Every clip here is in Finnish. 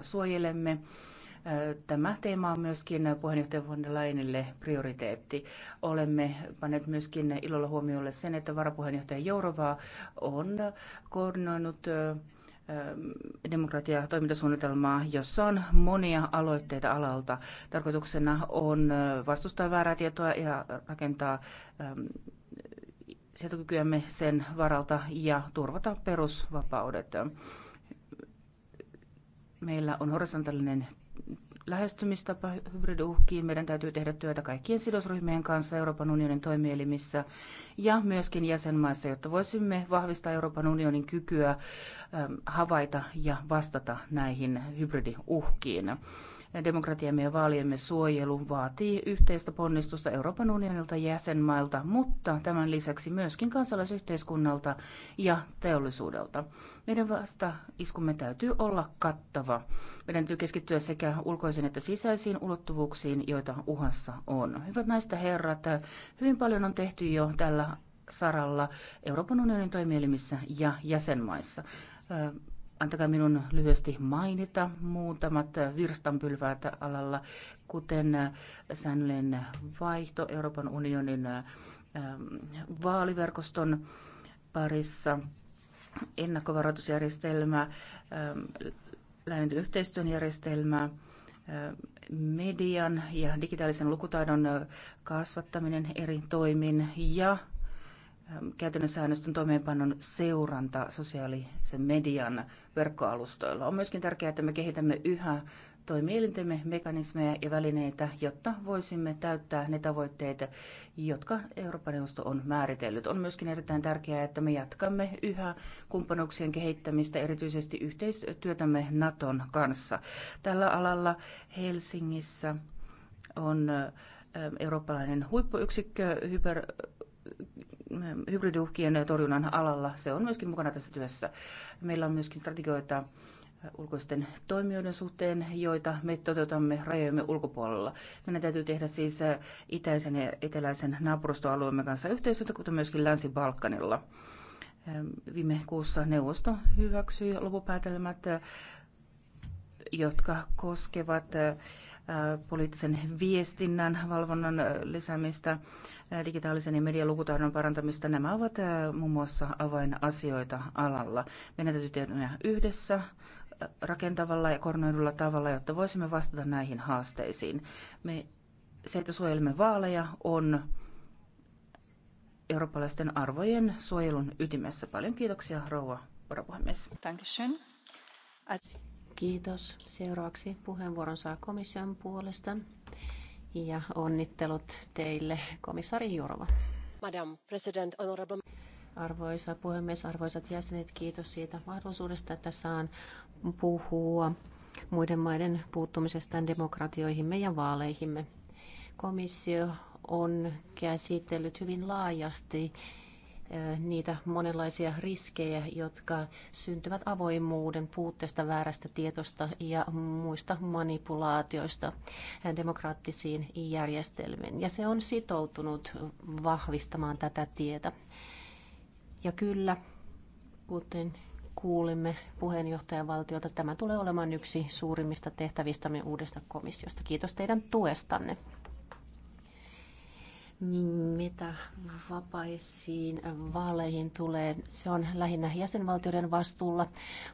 suojelemme. Tämä teema on myöskin puheenjohtaja von der Leinille prioriteetti. Olemme panneet myöskin ilolla huomiolle sen, että varapuheenjohtaja Jourova on koordinoinut demokratia- toimintasuunnitelmaa, jossa on monia aloitteita alalta. Tarkoituksena on vastustaa väärää tietoa ja rakentaa sietokykyämme sen varalta ja turvata perusvapaudet. Meillä on horisontaalinen lähestymistapa hybridiuhkiin. Meidän täytyy tehdä työtä kaikkien sidosryhmien kanssa Euroopan unionin toimielimissä ja myöskin jäsenmaissa, jotta voisimme vahvistaa Euroopan unionin kykyä havaita ja vastata näihin hybridiuhkiin demokratiamme ja vaaliemme suojelu vaatii yhteistä ponnistusta Euroopan unionilta ja jäsenmailta, mutta tämän lisäksi myöskin kansalaisyhteiskunnalta ja teollisuudelta. Meidän vasta iskumme täytyy olla kattava. Meidän täytyy keskittyä sekä ulkoisiin että sisäisiin ulottuvuuksiin, joita uhassa on. Hyvät näistä herrat, hyvin paljon on tehty jo tällä saralla Euroopan unionin toimielimissä ja jäsenmaissa antakaa minun lyhyesti mainita muutamat virstanpylväät alalla, kuten äh, säännöllinen vaihto Euroopan unionin äh, vaaliverkoston parissa, ennakkovaroitusjärjestelmä, äh, läänityn yhteistyön järjestelmä, median ja digitaalisen lukutaidon kasvattaminen eri toimin ja Ähm, käytännön säännöstön toimeenpanon seuranta sosiaalisen median verkkoalustoilla. On myöskin tärkeää, että me kehitämme yhä toimielintemme mekanismeja ja välineitä, jotta voisimme täyttää ne tavoitteet, jotka Euroopan neuvosto on määritellyt. On myöskin erittäin tärkeää, että me jatkamme yhä kumppanuuksien kehittämistä, erityisesti yhteistyötämme Naton kanssa. Tällä alalla Helsingissä on ähm, eurooppalainen huippuyksikkö, hyper hybridiuhkien torjunnan alalla. Se on myöskin mukana tässä työssä. Meillä on myöskin strategioita ulkoisten toimijoiden suhteen, joita me toteutamme rajojemme ulkopuolella. Meidän täytyy tehdä siis itäisen ja eteläisen naapurustoalueemme kanssa yhteistyötä, kuten myöskin Länsi-Balkanilla. Viime kuussa neuvosto hyväksyi lopupäätelmät, jotka koskevat poliittisen viestinnän valvonnan lisäämistä, digitaalisen ja medialukutaidon parantamista. Nämä ovat muun muassa avainasioita alalla. Meidän täytyy tehdä yhdessä rakentavalla ja koordinoidulla tavalla, jotta voisimme vastata näihin haasteisiin. Me, se, että suojelemme vaaleja, on eurooppalaisten arvojen suojelun ytimessä. Paljon kiitoksia, rouva varapuhemies. Kiitos. Seuraavaksi puheenvuoron saa komission puolesta. Ja onnittelut teille, komissaari Jurova. Madam President, honorable... Arvoisa puhemies, arvoisat jäsenet, kiitos siitä mahdollisuudesta, että saan puhua muiden maiden puuttumisesta demokratioihimme ja vaaleihimme. Komissio on käsitellyt hyvin laajasti niitä monenlaisia riskejä, jotka syntyvät avoimuuden puutteesta, väärästä tietosta ja muista manipulaatioista demokraattisiin järjestelmiin. Ja se on sitoutunut vahvistamaan tätä tietä. Ja kyllä, kuten kuulimme puheenjohtajavaltiolta, tämä tulee olemaan yksi suurimmista tehtävistämme uudesta komissiosta. Kiitos teidän tuestanne mitä vapaisiin vaaleihin tulee, se on lähinnä jäsenvaltioiden vastuulla,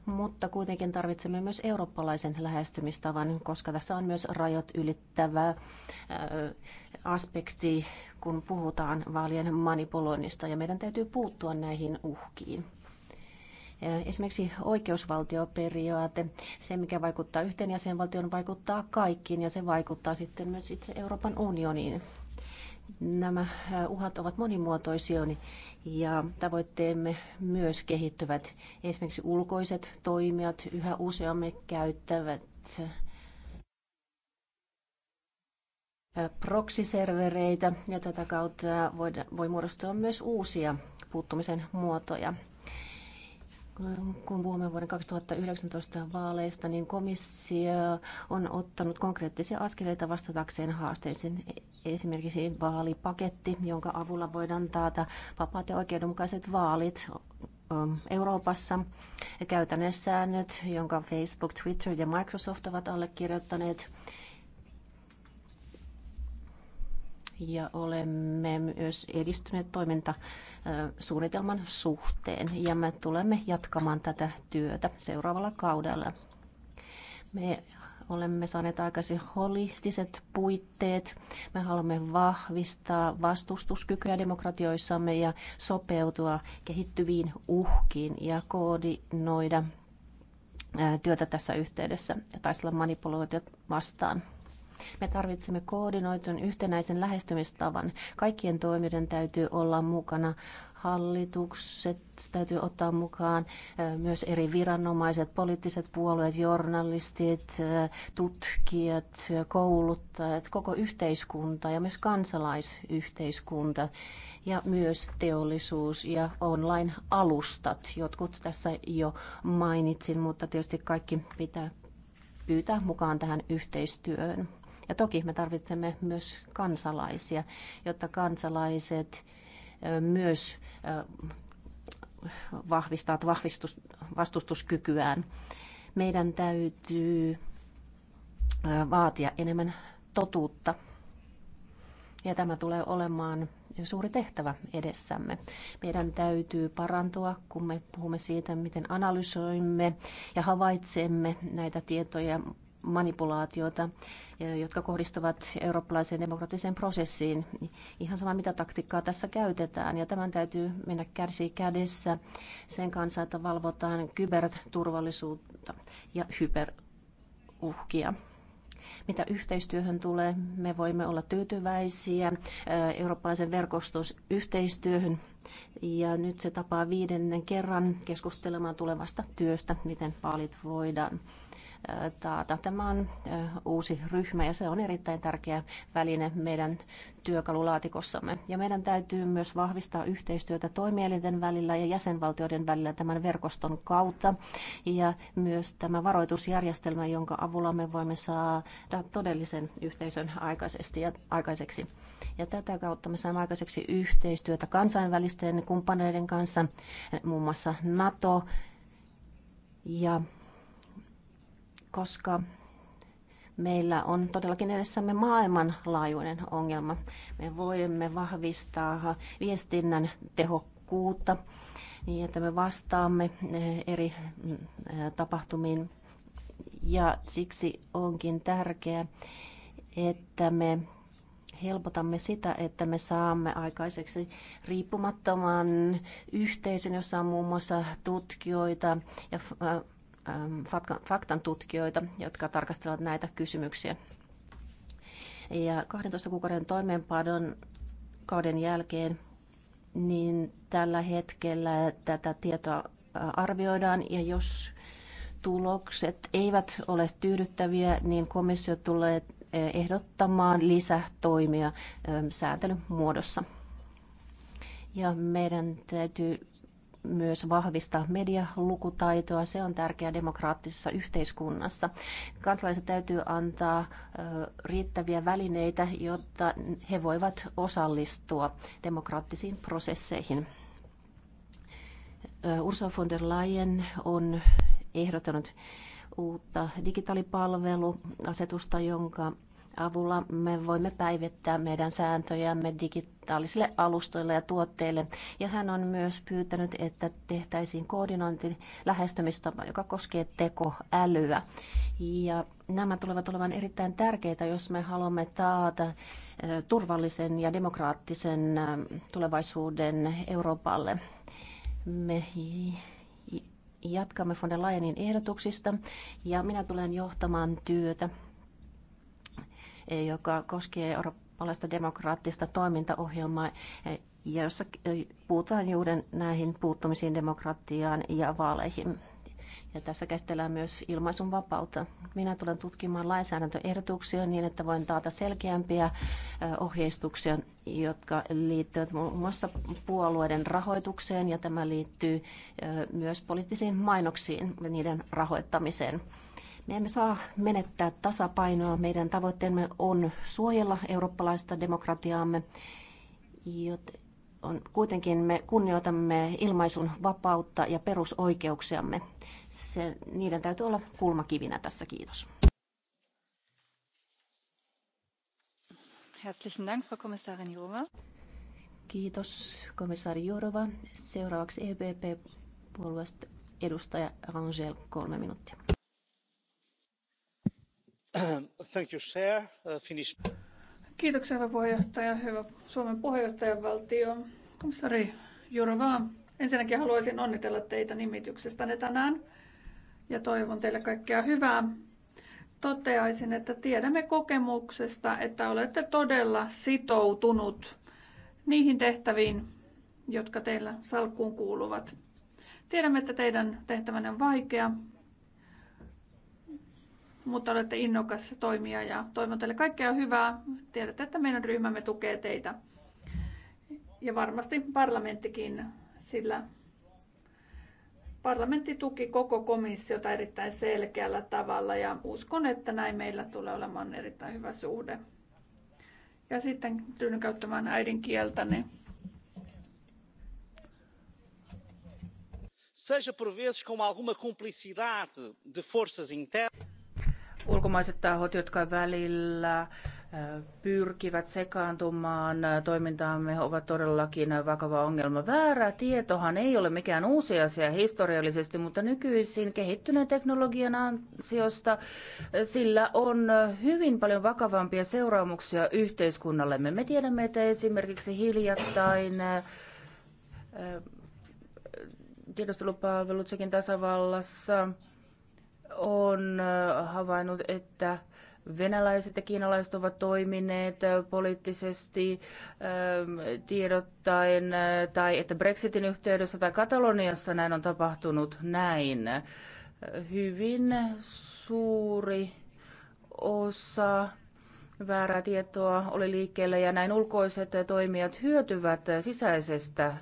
mutta kuitenkin tarvitsemme myös eurooppalaisen lähestymistavan, koska tässä on myös rajat ylittävä aspekti, kun puhutaan vaalien manipuloinnista, ja meidän täytyy puuttua näihin uhkiin. Esimerkiksi oikeusvaltioperiaate, se mikä vaikuttaa yhteen jäsenvaltioon, vaikuttaa kaikkiin ja se vaikuttaa sitten myös itse Euroopan unioniin. Nämä uhat ovat monimuotoisia niin- ja tavoitteemme myös kehittyvät. Esimerkiksi ulkoiset toimijat yhä useammin käyttävät proksiservereitä ja tätä kautta voi muodostua myös uusia puuttumisen muotoja kun puhumme vuoden 2019 vaaleista, niin komissio on ottanut konkreettisia askeleita vastatakseen haasteisiin. Esimerkiksi vaalipaketti, jonka avulla voidaan taata vapaat ja oikeudenmukaiset vaalit ähm, Euroopassa. nyt, jonka Facebook, Twitter ja Microsoft ovat allekirjoittaneet. ja olemme myös edistyneet toimintasuunnitelman suhteen ja me tulemme jatkamaan tätä työtä seuraavalla kaudella. Me olemme saaneet aikaisin holistiset puitteet. Me haluamme vahvistaa vastustuskykyä demokratioissamme ja sopeutua kehittyviin uhkiin ja koordinoida työtä tässä yhteydessä ja taistella manipuloituja vastaan. Me tarvitsemme koordinoitun yhtenäisen lähestymistavan. Kaikkien toimijoiden täytyy olla mukana hallitukset täytyy ottaa mukaan, myös eri viranomaiset, poliittiset puolueet, journalistit, tutkijat, kouluttajat, koko yhteiskunta ja myös kansalaisyhteiskunta ja myös teollisuus ja online-alustat. Jotkut tässä jo mainitsin, mutta tietysti kaikki pitää pyytää mukaan tähän yhteistyöhön. Ja toki me tarvitsemme myös kansalaisia, jotta kansalaiset myös vahvistavat vahvistus, vastustuskykyään. Meidän täytyy vaatia enemmän totuutta. Ja tämä tulee olemaan suuri tehtävä edessämme. Meidän täytyy parantua, kun me puhumme siitä, miten analysoimme ja havaitsemme näitä tietoja, manipulaatiota, jotka kohdistuvat eurooppalaiseen demokratiseen prosessiin. Ihan sama, mitä taktiikkaa tässä käytetään. Ja tämän täytyy mennä kärsi kädessä sen kanssa, että valvotaan kyberturvallisuutta ja hyperuhkia. Mitä yhteistyöhön tulee, me voimme olla tyytyväisiä eurooppalaisen verkoston yhteistyöhön. Ja nyt se tapaa viidennen kerran keskustelemaan tulevasta työstä, miten vaalit voidaan taata. Tämä on uusi ryhmä ja se on erittäin tärkeä väline meidän työkalulaatikossamme. Ja meidän täytyy myös vahvistaa yhteistyötä toimielinten välillä ja jäsenvaltioiden välillä tämän verkoston kautta. Ja myös tämä varoitusjärjestelmä, jonka avulla me voimme saada todellisen yhteisön aikaisesti ja aikaiseksi. Ja tätä kautta me saamme aikaiseksi yhteistyötä kansainvälisten kumppaneiden kanssa, muun muassa NATO ja koska meillä on todellakin edessämme maailmanlaajuinen ongelma. Me voimme vahvistaa viestinnän tehokkuutta niin, että me vastaamme eh, eri eh, tapahtumiin. Ja siksi onkin tärkeää, että me helpotamme sitä, että me saamme aikaiseksi riippumattoman yhteisön, jossa on muun muassa tutkijoita ja eh, Ähm, faktantutkijoita, jotka tarkastelevat näitä kysymyksiä. Ja 12 kuukauden toimeenpanon kauden jälkeen niin tällä hetkellä tätä tietoa äh, arvioidaan ja jos tulokset eivät ole tyydyttäviä, niin komissio tulee äh, ehdottamaan lisätoimia ähm, sääntelyn muodossa. Ja meidän täytyy myös vahvistaa medialukutaitoa. Se on tärkeää demokraattisessa yhteiskunnassa. Kansalaiset täytyy antaa riittäviä välineitä, jotta he voivat osallistua demokraattisiin prosesseihin. Ursula von der Leyen on ehdottanut uutta digitaalipalveluasetusta, jonka avulla me voimme päivittää meidän sääntöjämme digitaalisille alustoille ja tuotteille. Ja hän on myös pyytänyt, että tehtäisiin koordinointi lähestymistapa, joka koskee tekoälyä. Ja nämä tulevat olemaan erittäin tärkeitä, jos me haluamme taata turvallisen ja demokraattisen tulevaisuuden Euroopalle. Me jatkamme von der Leyenin ehdotuksista ja minä tulen johtamaan työtä joka koskee eurooppalaista demokraattista toimintaohjelmaa, ja eh, jossa puhutaan juuri näihin puuttumisiin demokratiaan ja vaaleihin. Ja tässä käsitellään myös ilmaisun vapautta. Minä tulen tutkimaan lainsäädäntöehdotuksia niin, että voin taata selkeämpiä eh, ohjeistuksia, jotka liittyvät muun muassa puolueiden rahoitukseen ja tämä liittyy eh, myös poliittisiin mainoksiin ja niiden rahoittamiseen. Me emme saa menettää tasapainoa. Meidän tavoitteemme on suojella eurooppalaista demokratiaamme, on, kuitenkin me kunnioitamme ilmaisun vapautta ja perusoikeuksiamme. Se, niiden täytyy olla kulmakivinä tässä. Kiitos. Herzlichen Dank, Frau Kommissarin Jourova. Kiitos, komissaari Jourova. Seuraavaksi EPP-puolueesta edustaja Rangel, kolme minuuttia. Uh, Kiitoksia, hyvä puheenjohtaja, hyvä Suomen puheenjohtajavaltio, komissaari Jurova. Ensinnäkin haluaisin onnitella teitä nimityksestänne tänään ja toivon teille kaikkea hyvää. Toteaisin, että tiedämme kokemuksesta, että olette todella sitoutunut niihin tehtäviin, jotka teillä salkkuun kuuluvat. Tiedämme, että teidän tehtävänne on vaikea, mutta olette innokas toimija ja toivon teille kaikkea hyvää. Tiedätte, että meidän ryhmämme tukee teitä ja varmasti parlamenttikin, sillä parlamentti tuki koko komissiota erittäin selkeällä tavalla ja uskon, että näin meillä tulee olemaan erittäin hyvä suhde. Ja sitten tyydyn käyttämään äidinkieltäni. Niin seja por vezes com alguma complicidade de forças internas ulkomaiset tahot, jotka välillä äh, pyrkivät sekaantumaan toimintaamme, ovat todellakin vakava ongelma. Väärä tietohan ei ole mikään uusi asia historiallisesti, mutta nykyisin kehittyneen teknologian ansiosta sillä on hyvin paljon vakavampia seuraamuksia yhteiskunnallemme. Me tiedämme, että esimerkiksi hiljattain äh, tiedustelupalvelut sekin tasavallassa – on äh, havainnut, että venäläiset ja kiinalaiset ovat toimineet äh, poliittisesti ähm, tiedottaen, äh, tai että Brexitin yhteydessä tai Kataloniassa näin on tapahtunut näin. Hyvin suuri osa väärää tietoa oli liikkeellä ja näin ulkoiset toimijat hyötyvät sisäisestä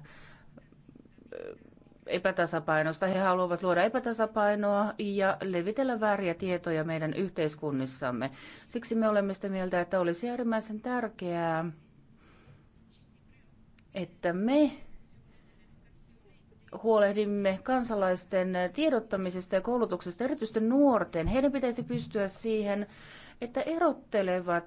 epätasapainosta. He haluavat luoda epätasapainoa ja levitellä vääriä tietoja meidän yhteiskunnissamme. Siksi me olemme sitä mieltä, että olisi äärimmäisen tärkeää, että me huolehdimme kansalaisten tiedottamisesta ja koulutuksesta, erityisesti nuorten. Heidän pitäisi pystyä siihen että erottelevat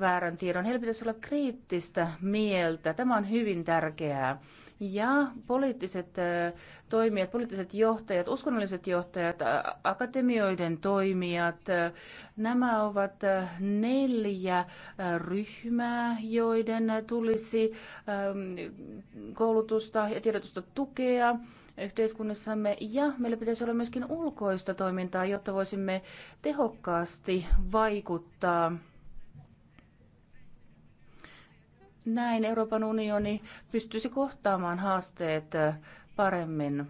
väärän tiedon. Heillä pitäisi olla kriittistä mieltä. Tämä on hyvin tärkeää. Ja poliittiset toimijat, poliittiset johtajat, uskonnolliset johtajat, akatemioiden toimijat, nämä ovat neljä ryhmää, joiden tulisi koulutusta ja tiedotusta tukea yhteiskunnassamme ja meillä pitäisi olla myöskin ulkoista toimintaa, jotta voisimme tehokkaasti vaikuttaa näin Euroopan unioni pystyisi kohtaamaan haasteet paremmin.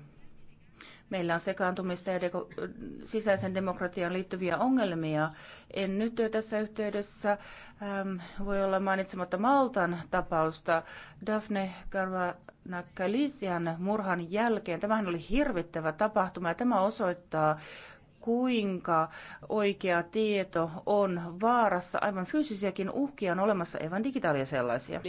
Meillä on sekaantumista ja deko- sisäisen demokratian liittyviä ongelmia. En nyt tässä yhteydessä äm, voi olla mainitsematta Maltan tapausta. Daphne Caruana Galician murhan jälkeen. Tämähän oli hirvittävä tapahtuma ja tämä osoittaa, kuinka oikea tieto on vaarassa. Aivan fyysisiäkin uhkia on olemassa, evan digitaalia sellaisia.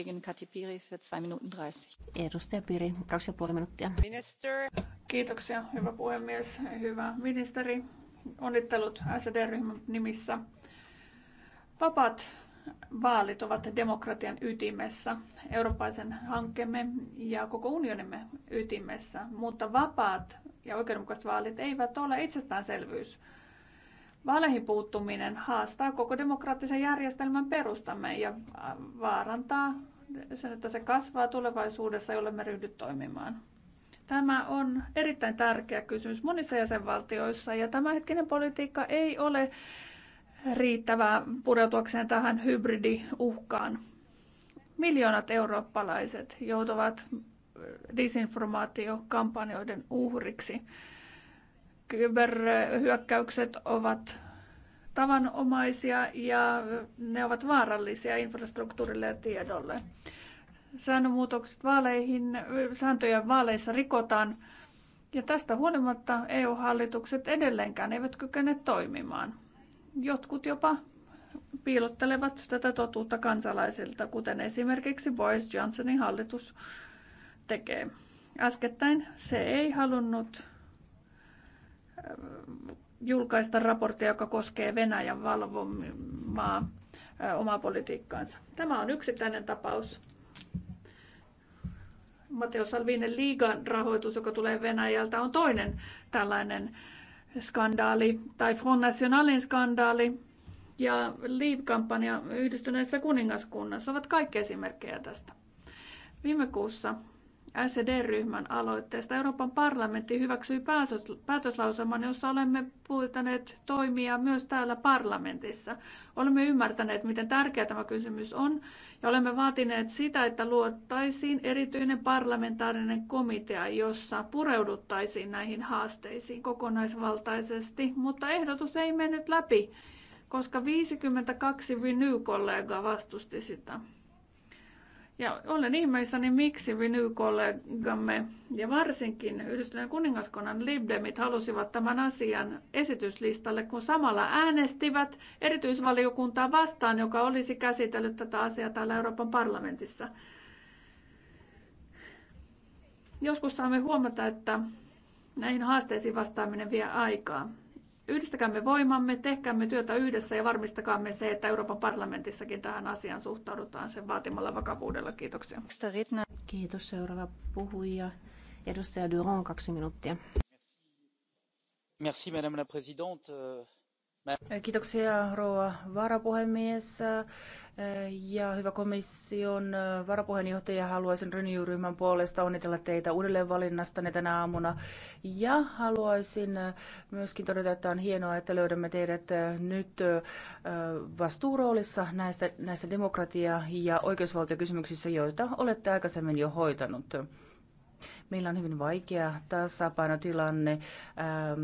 Edustaja Piri, kaksi ja puoli minuuttia. Minister. Kiitoksia, hyvä puhemies, hyvä ministeri. Onnittelut SD-ryhmän nimissä. Vapaat vaalit ovat demokratian ytimessä, eurooppaisen hankkeemme ja koko unionimme ytimessä, mutta vapaat ja oikeudenmukaiset vaalit eivät ole itsestäänselvyys. Vaaleihin puuttuminen haastaa koko demokraattisen järjestelmän perustamme ja vaarantaa sen, että se kasvaa tulevaisuudessa, jolle me ryhdyt toimimaan. Tämä on erittäin tärkeä kysymys monissa jäsenvaltioissa ja tämänhetkinen politiikka ei ole riittävää pureutuakseen tähän hybridiuhkaan. Miljoonat eurooppalaiset joutuvat disinformaatiokampanjoiden uhriksi. Kyberhyökkäykset ovat tavanomaisia ja ne ovat vaarallisia infrastruktuurille ja tiedolle. Säännönmuutokset vaaleihin, sääntöjä vaaleissa rikotaan ja tästä huolimatta EU-hallitukset edelleenkään eivät kykene toimimaan jotkut jopa piilottelevat tätä totuutta kansalaisilta, kuten esimerkiksi Boris Johnsonin hallitus tekee. Äskettäin se ei halunnut äh, julkaista raporttia, joka koskee Venäjän valvomaa äh, omaa politiikkaansa. Tämä on yksittäinen tapaus. Matteo Salvinen liigan rahoitus, joka tulee Venäjältä, on toinen tällainen skandaali tai Front Nationalin skandaali ja Leave-kampanja yhdistyneessä kuningaskunnassa ovat kaikki esimerkkejä tästä. Viime kuussa SED-ryhmän aloitteesta. Euroopan parlamentti hyväksyi päätöslauselman, jossa olemme pyytäneet toimia myös täällä parlamentissa. Olemme ymmärtäneet, miten tärkeä tämä kysymys on, ja olemme vaatineet sitä, että luottaisiin erityinen parlamentaarinen komitea, jossa pureuduttaisiin näihin haasteisiin kokonaisvaltaisesti, mutta ehdotus ei mennyt läpi, koska 52 Renew-kollegaa vastusti sitä. Ja olen ihmeissäni, miksi Renew-kollegamme ja varsinkin Yhdistyneen kuningaskunnan libdemit halusivat tämän asian esityslistalle, kun samalla äänestivät erityisvaliokuntaa vastaan, joka olisi käsitellyt tätä asiaa täällä Euroopan parlamentissa. Joskus saamme huomata, että näihin haasteisiin vastaaminen vie aikaa. Yhdistäkäämme voimamme, tehkäämme työtä yhdessä ja varmistakaamme se, että Euroopan parlamentissakin tähän asiaan suhtaudutaan sen vaatimalla vakavuudella. Kiitoksia. Kiitos. Seuraava puhuja. Edustaja Duron, kaksi minuuttia. Merci, madame la présidente. Kiitoksia rouva varapuhemies ja hyvä komission varapuheenjohtaja. Haluaisin Renew-ryhmän puolesta onnitella teitä uudelleenvalinnastanne tänä aamuna. Ja haluaisin myöskin todeta, että on hienoa, että löydämme teidät nyt vastuuroolissa näissä, näissä demokratia- ja oikeusvaltiokysymyksissä, joita olette aikaisemmin jo hoitanut. Meillä on hyvin vaikea tasapainotilanne. Ähm,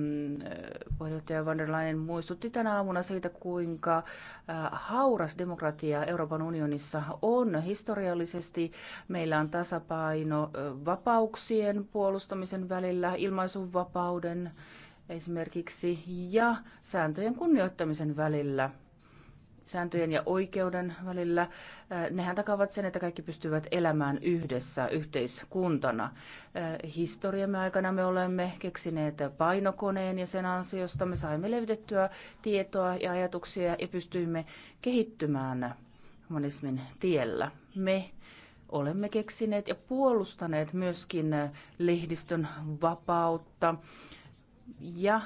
puheenjohtaja van der Leyen muistutti tänä aamuna siitä, kuinka äh, hauras demokratia Euroopan unionissa on. Historiallisesti meillä on tasapaino äh, vapauksien puolustamisen välillä, ilmaisuvapauden esimerkiksi ja sääntöjen kunnioittamisen välillä sääntöjen ja oikeuden välillä. Äh, nehän takavat sen, että kaikki pystyvät elämään yhdessä yhteiskuntana. Äh, historiamme aikana me olemme keksineet painokoneen ja sen ansiosta me saimme levitettyä tietoa ja ajatuksia ja pystyimme kehittymään monismin tiellä. Me olemme keksineet ja puolustaneet myöskin lehdistön vapautta ja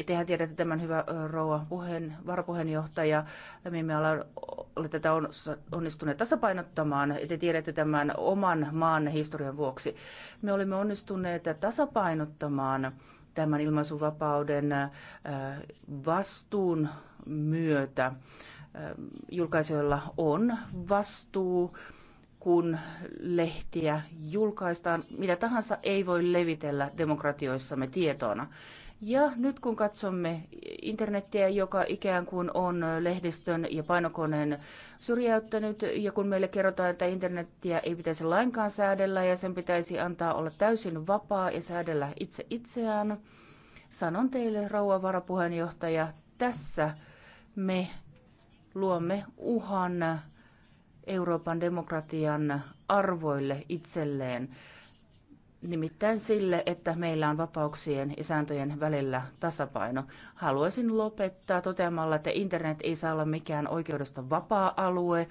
Ja tehän tiedätte tämän hyvä rouva puheen, varapuheenjohtaja. Me ollaan tätä on, onnistuneet tasapainottamaan. Ja te tiedätte tämän oman maan historian vuoksi. Me olemme onnistuneet tasapainottamaan tämän ilmaisuvapauden vastuun myötä. Julkaisijoilla on vastuu kun lehtiä julkaistaan, mitä tahansa ei voi levitellä demokratioissamme tietona. Ja nyt kun katsomme internettiä, joka ikään kuin on lehdistön ja painokoneen syrjäyttänyt, ja kun meille kerrotaan, että internettiä ei pitäisi lainkaan säädellä ja sen pitäisi antaa olla täysin vapaa ja säädellä itse itseään, sanon teille, rouva varapuheenjohtaja, tässä me luomme uhan Euroopan demokratian arvoille itselleen. Nimittäin sille, että meillä on vapauksien ja sääntöjen välillä tasapaino. Haluaisin lopettaa toteamalla, että internet ei saa olla mikään oikeudesta vapaa-alue,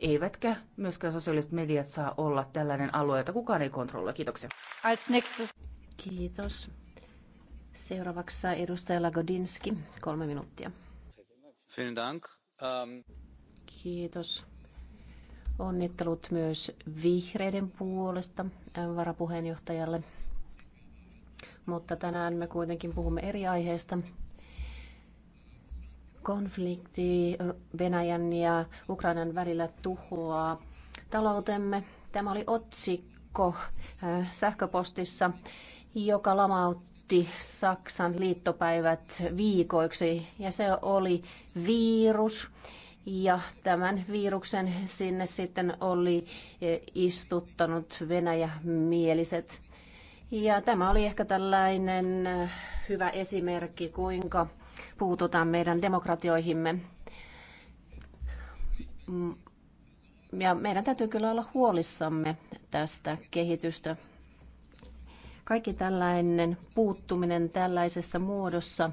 eivätkä myöskään sosiaaliset mediat saa olla tällainen alue, jota kukaan ei kontrolloi. Kiitoksia. Kiitos. Seuraavaksi edustaja Lagodinski, kolme minuuttia. Vielen Dank. Ähm, Kiitos. Onnittelut myös vihreiden puolesta äh, varapuheenjohtajalle. Mutta tänään me kuitenkin puhumme eri aiheesta. Konflikti Venäjän ja Ukrainan välillä tuhoaa taloutemme. Tämä oli otsikko äh, sähköpostissa, joka lamautti Saksan liittopäivät viikoiksi ja se oli virus ja tämän viruksen sinne sitten oli e, istuttanut venäjämieliset. Ja tämä oli ehkä tällainen e, hyvä esimerkki, kuinka puututaan meidän demokratioihimme. Mm, ja meidän täytyy kyllä olla huolissamme tästä kehitystä. Kaikki tällainen puuttuminen tällaisessa muodossa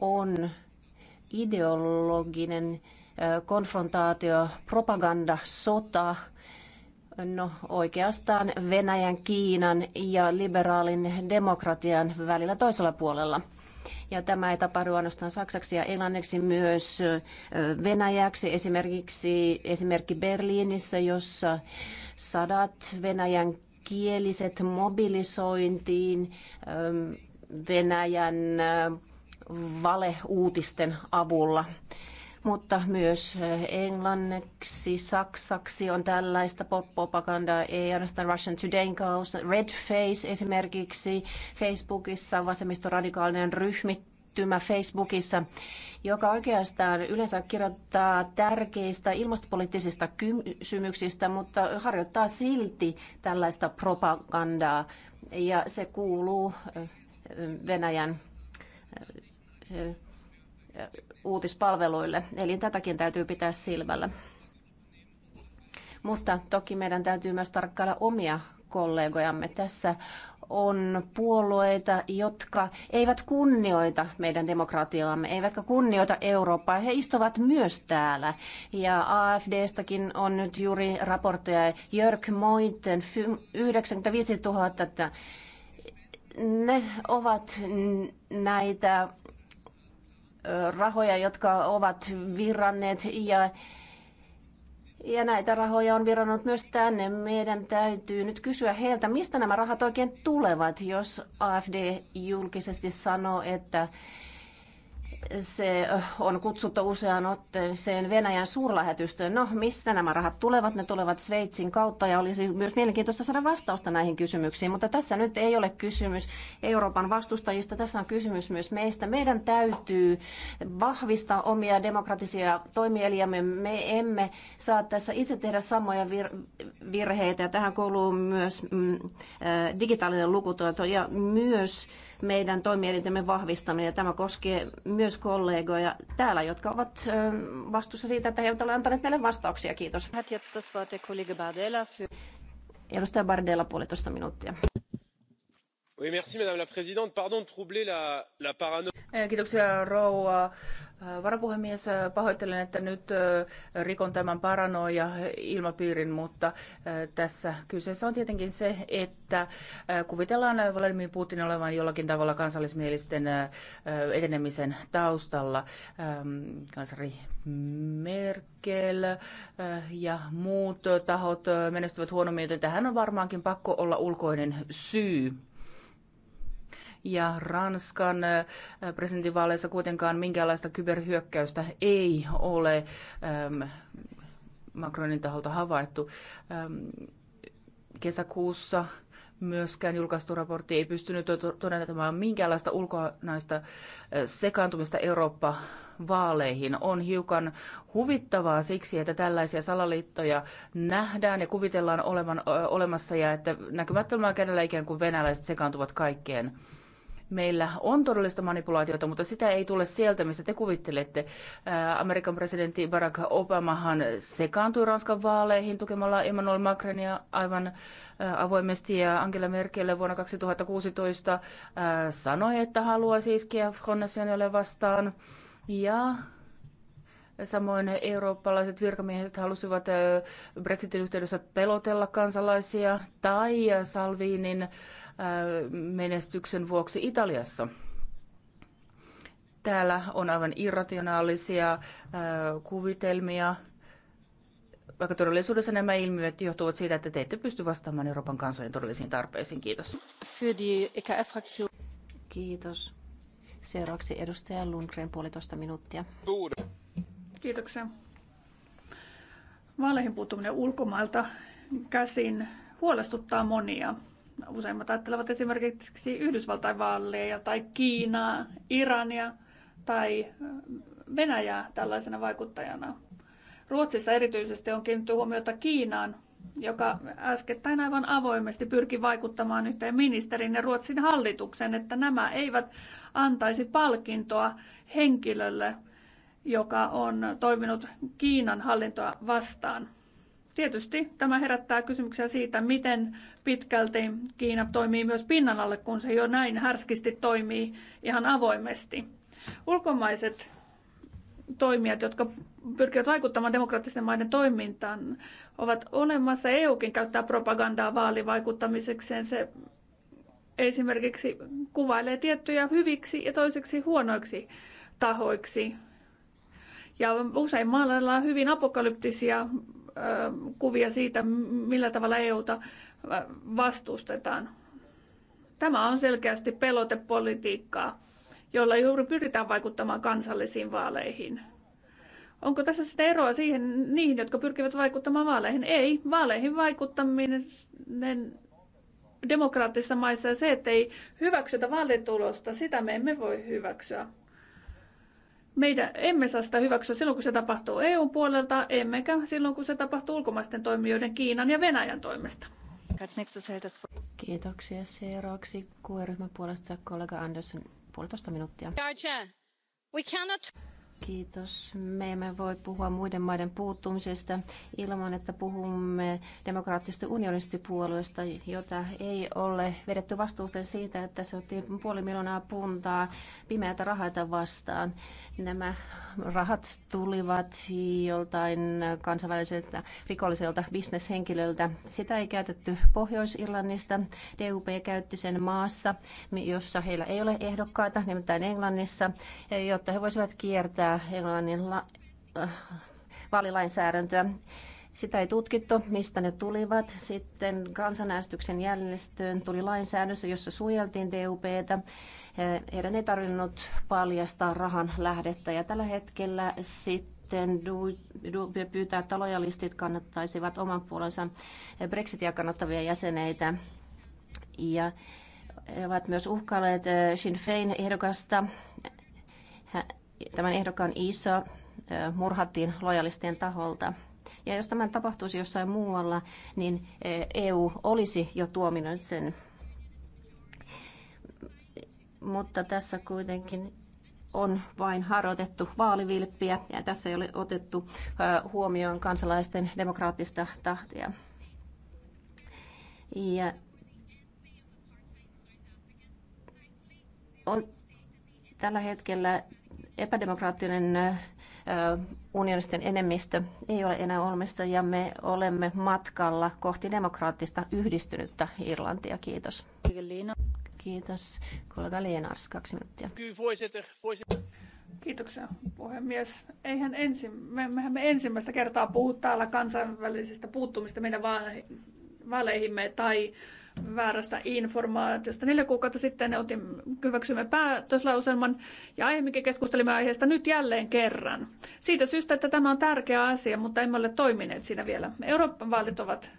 on ideologinen konfrontaatio, propaganda, sota, No oikeastaan Venäjän, Kiinan ja liberaalin demokratian välillä toisella puolella. Ja tämä ei tapahdu ainoastaan saksaksi ja englanniksi, myös venäjäksi. Esimerkiksi esimerkki Berliinissä, jossa sadat venäjän kieliset mobilisointiin Venäjän valeuutisten avulla mutta myös eh, englanniksi, saksaksi on tällaista pop-propagandaa, ei ainoastaan Russian Todayn kautta. Red Face esimerkiksi Facebookissa, vasemmistoradikaalinen ryhmittymä Facebookissa, joka oikeastaan yleensä kirjoittaa tärkeistä ilmastopoliittisista kysymyksistä, mutta harjoittaa silti tällaista propagandaa. Ja se kuuluu eh, Venäjän eh, uutispalveluille. Eli tätäkin täytyy pitää silmällä. Mutta toki meidän täytyy myös tarkkailla omia kollegojamme. Tässä on puolueita, jotka eivät kunnioita meidän demokratiaamme, eivätkä kunnioita Eurooppaa. He istuvat myös täällä. Ja AFDstäkin on nyt juuri raportteja Jörg Moiten, 95 000. että Ne ovat näitä rahoja, jotka ovat virranneet ja ja näitä rahoja on virannut myös tänne. Meidän täytyy nyt kysyä heiltä, mistä nämä rahat oikein tulevat, jos AFD julkisesti sanoo, että se on kutsuttu useaan otteeseen Venäjän suurlähetystöön. No, missä nämä rahat tulevat? Ne tulevat Sveitsin kautta ja olisi myös mielenkiintoista saada vastausta näihin kysymyksiin. Mutta tässä nyt ei ole kysymys Euroopan vastustajista, tässä on kysymys myös meistä. Meidän täytyy vahvistaa omia demokratisia toimielijämme. Me emme saa tässä itse tehdä samoja vir- virheitä. Tähän kuuluu myös mm, digitaalinen lukutaito ja myös meidän toimielintemme vahvistaminen. Ja tämä koskee myös kollegoja täällä, jotka ovat vastuussa siitä, että he ovat antaneet meille vastauksia. Kiitos. Edustaja Bardella, puolitoista minuuttia madame la présidente pardon de troubler la Varapuhemies, pahoittelen, että nyt rikon tämän paranoja ilmapiirin, mutta tässä kyseessä on tietenkin se, että kuvitellaan Vladimir Putin olevan jollakin tavalla kansallismielisten etenemisen taustalla. Kansari Merkel ja muut tahot menestyvät huonommin, joten tähän on varmaankin pakko olla ulkoinen syy ja Ranskan äh, presidentinvaaleissa kuitenkaan minkäänlaista kyberhyökkäystä ei ole ähm, Macronin taholta havaittu. Ähm, kesäkuussa myöskään julkaistu raportti ei pystynyt todentamaan minkäänlaista ulkonaista äh, sekaantumista Eurooppa vaaleihin. On hiukan huvittavaa siksi, että tällaisia salaliittoja nähdään ja kuvitellaan olevan olemassa ja että näkymättömällä kädellä ikään kuin venäläiset sekaantuvat kaikkeen meillä on todellista manipulaatiota, mutta sitä ei tule sieltä, mistä te kuvittelette. Amerikan presidentti Barack Obamahan sekaantui Ranskan vaaleihin tukemalla Emmanuel Macronia aivan avoimesti ja Angela Merkel vuonna 2016 sanoi, että haluaisi iskeä Front Nationalia vastaan. Ja Samoin eurooppalaiset virkamiehet halusivat Brexitin yhteydessä pelotella kansalaisia tai Salviinin äh, menestyksen vuoksi Italiassa. Täällä on aivan irrationaalisia kuvitelmia, vaikka todellisuudessa nämä ilmiöt johtuvat siitä, että te ette pysty vastaamaan Euroopan kansojen todellisiin tarpeisiin. Kiitos. E Kiitos. Seuraavaksi edustaja Lundgren puolitoista minuuttia. Kiitoksia. Vaaleihin puuttuminen ulkomailta käsin huolestuttaa monia. Useimmat ajattelevat esimerkiksi Yhdysvaltain vaaleja tai Kiinaa, Irania tai Venäjää tällaisena vaikuttajana. Ruotsissa erityisesti on kiinnitty huomiota Kiinaan, joka äskettäin aivan avoimesti pyrki vaikuttamaan yhteen ministerin ja Ruotsin hallituksen, että nämä eivät antaisi palkintoa henkilölle, joka on toiminut Kiinan hallintoa vastaan. Tietysti tämä herättää kysymyksiä siitä, miten pitkälti Kiina toimii myös pinnan alle, kun se jo näin härskisti toimii ihan avoimesti. Ulkomaiset toimijat, jotka pyrkivät vaikuttamaan demokraattisten maiden toimintaan, ovat olemassa. EUkin käyttää propagandaa vaalivaikuttamisekseen. Se esimerkiksi kuvailee tiettyjä hyviksi ja toiseksi huonoiksi tahoiksi. Ja usein maalaillaan hyvin apokalyptisia kuvia siitä, millä tavalla EUta vastustetaan. Tämä on selkeästi pelotepolitiikkaa, jolla juuri pyritään vaikuttamaan kansallisiin vaaleihin. Onko tässä sitä eroa siihen niihin, jotka pyrkivät vaikuttamaan vaaleihin? Ei. Vaaleihin vaikuttaminen demokraattisissa maissa ja se, että ei hyväksytä vaalitulosta, sitä me emme voi hyväksyä. Meidän emme saa sitä hyväksyä silloin, kun se tapahtuu EU-puolelta, emmekä silloin, kun se tapahtuu ulkomaisten toimijoiden Kiinan ja Venäjän toimesta. Kiitoksia. Seuraavaksi QE-ryhmän puolesta kollega Andersson puolitoista minuuttia. Kiitos. Me emme voi puhua muiden maiden puuttumisesta ilman, että puhumme demokraattisesta unionistipuolueesta, jota ei ole vedetty vastuuteen siitä, että se otti puoli miljoonaa puntaa pimeätä rahaita vastaan. Nämä rahat tulivat joltain kansainväliseltä rikolliselta bisneshenkilöltä. Sitä ei käytetty Pohjois-Irlannista. DUP käytti sen maassa, jossa heillä ei ole ehdokkaita, nimittäin Englannissa, jotta he voisivat kiertää tätä Englannin la- äh, vaalilainsäädäntöä. Sitä ei tutkittu, mistä ne tulivat. Sitten kansanäänestyksen jäljestöön tuli lainsäädäntö, jossa suojeltiin DUPtä. Heidän ei tarvinnut paljastaa rahan lähdettä. Ja tällä hetkellä sitten DUPE pyytää, että lojalistit kannattaisivat oman puolensa Brexitia kannattavia jäseneitä. Ja he ovat myös uhkailleet äh, Sinn Fein ehdokasta tämän ehdokkaan iso murhattiin lojalistien taholta. Ja jos tämä tapahtuisi jossain muualla, niin EU olisi jo tuominut sen. Mutta tässä kuitenkin on vain harjoitettu vaalivilppiä ja tässä ei ole otettu huomioon kansalaisten demokraattista tahtia. Ja on, tällä hetkellä epädemokraattinen unionisten enemmistö ei ole enää olemassa ja me olemme matkalla kohti demokraattista yhdistynyttä Irlantia. Kiitos. Kiitos. Kollega Lienars, kaksi minuuttia. Kiitoksia puhemies. Eihän ensi, me, mehän me ensimmäistä kertaa puhu täällä kansainvälisestä puuttumista meidän vaaleihimme tai väärästä informaatiosta. Neljä kuukautta sitten ne otin, hyväksymme päätöslauselman ja aiemminkin keskustelimme aiheesta nyt jälleen kerran. Siitä syystä, että tämä on tärkeä asia, mutta emme ole toimineet siinä vielä. Euroopan vaalit ovat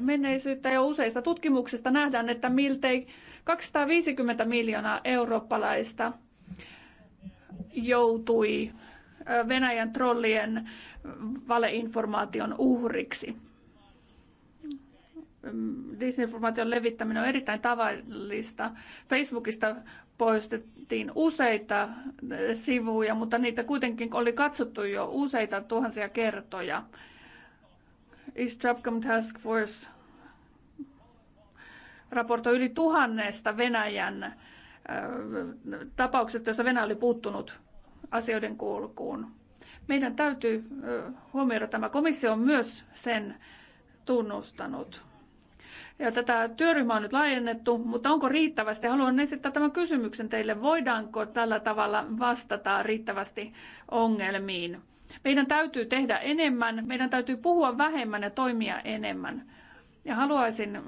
menneisyyttä ja useista tutkimuksista nähdään, että miltei 250 miljoonaa eurooppalaista joutui Venäjän trollien valeinformaation uhriksi. Mm, disinformaation levittäminen on erittäin tavallista. Facebookista poistettiin useita eh, sivuja, mutta niitä kuitenkin oli katsottu jo useita tuhansia kertoja. East Trapcom Task Force raportoi yli tuhannesta Venäjän eh, tapauksesta, jossa Venäjä oli puuttunut asioiden kulkuun. Meidän täytyy eh, huomioida tämä. Komissio on myös sen tunnustanut ja tätä työryhmää on nyt laajennettu, mutta onko riittävästi? Haluan esittää tämän kysymyksen teille. Voidaanko tällä tavalla vastata riittävästi ongelmiin? Meidän täytyy tehdä enemmän, meidän täytyy puhua vähemmän ja toimia enemmän. Ja haluaisin,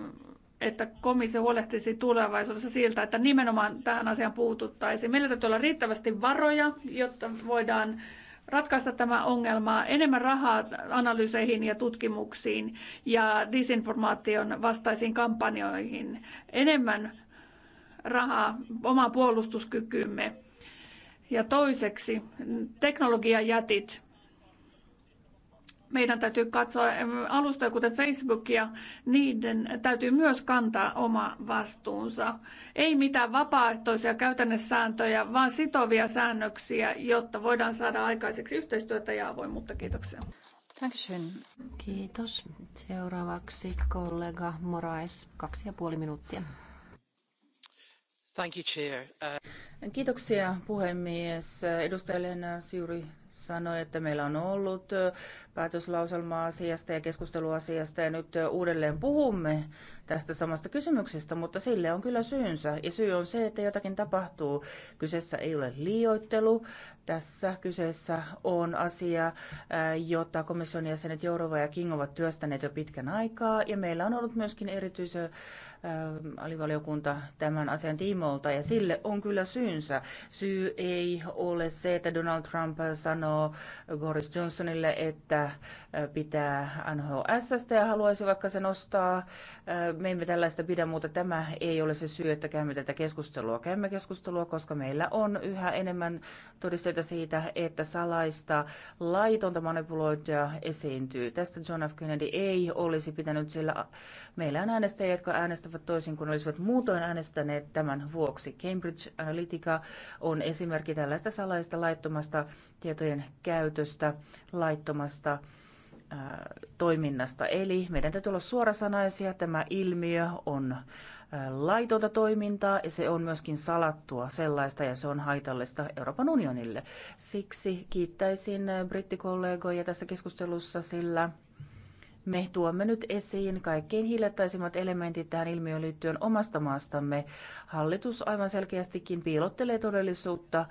että komissio huolehtisi tulevaisuudessa siltä, että nimenomaan tähän asiaan puututtaisiin. Meillä täytyy olla riittävästi varoja, jotta voidaan ratkaista tämä ongelma, enemmän rahaa analyyseihin ja tutkimuksiin ja disinformaation vastaisiin kampanjoihin, enemmän rahaa omaan puolustuskykyymme. Ja toiseksi teknologiajätit meidän täytyy katsoa alustoja kuten Facebookia, niiden täytyy myös kantaa oma vastuunsa. Ei mitään vapaaehtoisia käytännössääntöjä, vaan sitovia säännöksiä, jotta voidaan saada aikaiseksi yhteistyötä ja avoimuutta. Kiitoksia. Action. Kiitos. Seuraavaksi kollega Moraes, kaksi ja puoli minuuttia. Uh, Kiitoksia puhemies. Edustaja Lena Siuri sanoi, että meillä on ollut päätöslauselma asiasta ja keskustelu asiasta ja nyt uudelleen puhumme tästä samasta kysymyksestä, mutta sille on kyllä syynsä. Ja syy on se, että jotakin tapahtuu. Kyseessä ei ole liioittelu. Tässä kyseessä on asia, jota komission jäsenet Jourova ja King ovat työstäneet jo pitkän aikaa. Ja meillä on ollut myöskin erityisen alivaliokunta tämän asian tiimoilta ja sille on kyllä syynsä. Syy ei ole se, että Donald Trump sanoo Boris Johnsonille, että pitää NHS ja haluaisi vaikka se nostaa. Me emme tällaista pidä, mutta tämä ei ole se syy, että käymme tätä keskustelua. Käymme keskustelua, koska meillä on yhä enemmän todisteita siitä, että salaista laitonta manipulointia esiintyy. Tästä John F. Kennedy ei olisi pitänyt, sillä meillä on äänestäjiä, jotka äänestävät äänestävät toisin kuin olisivat muutoin äänestäneet tämän vuoksi. Cambridge Analytica on esimerkki tällaista salaista laittomasta tietojen käytöstä, laittomasta äh, toiminnasta. Eli meidän täytyy olla suorasanaisia. Tämä ilmiö on äh, laitonta toimintaa ja se on myöskin salattua sellaista ja se on haitallista Euroopan unionille. Siksi kiittäisin brittikollegoja tässä keskustelussa, sillä me tuomme nyt esiin kaikkein hiljattaisimmat elementit tähän ilmiöön liittyen omasta maastamme. Hallitus aivan selkeästikin piilottelee todellisuutta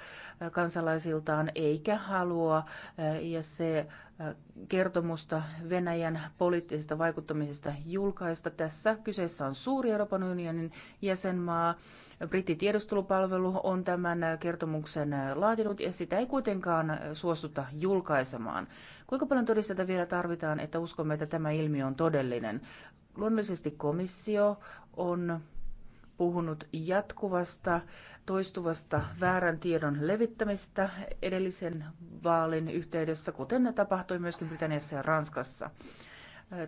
kansalaisiltaan eikä halua ja se kertomusta Venäjän poliittisesta vaikuttamisesta julkaista. Tässä kyseessä on suuri Euroopan unionin jäsenmaa. tiedustelupalvelu on tämän kertomuksen laatinut ja sitä ei kuitenkaan suostuta julkaisemaan. Kuinka paljon todisteita vielä tarvitaan, että uskomme, että tämä ilmiö on todellinen? Luonnollisesti komissio on puhunut jatkuvasta, toistuvasta väärän tiedon levittämistä edellisen vaalin yhteydessä, kuten tapahtui myöskin Britanniassa ja Ranskassa.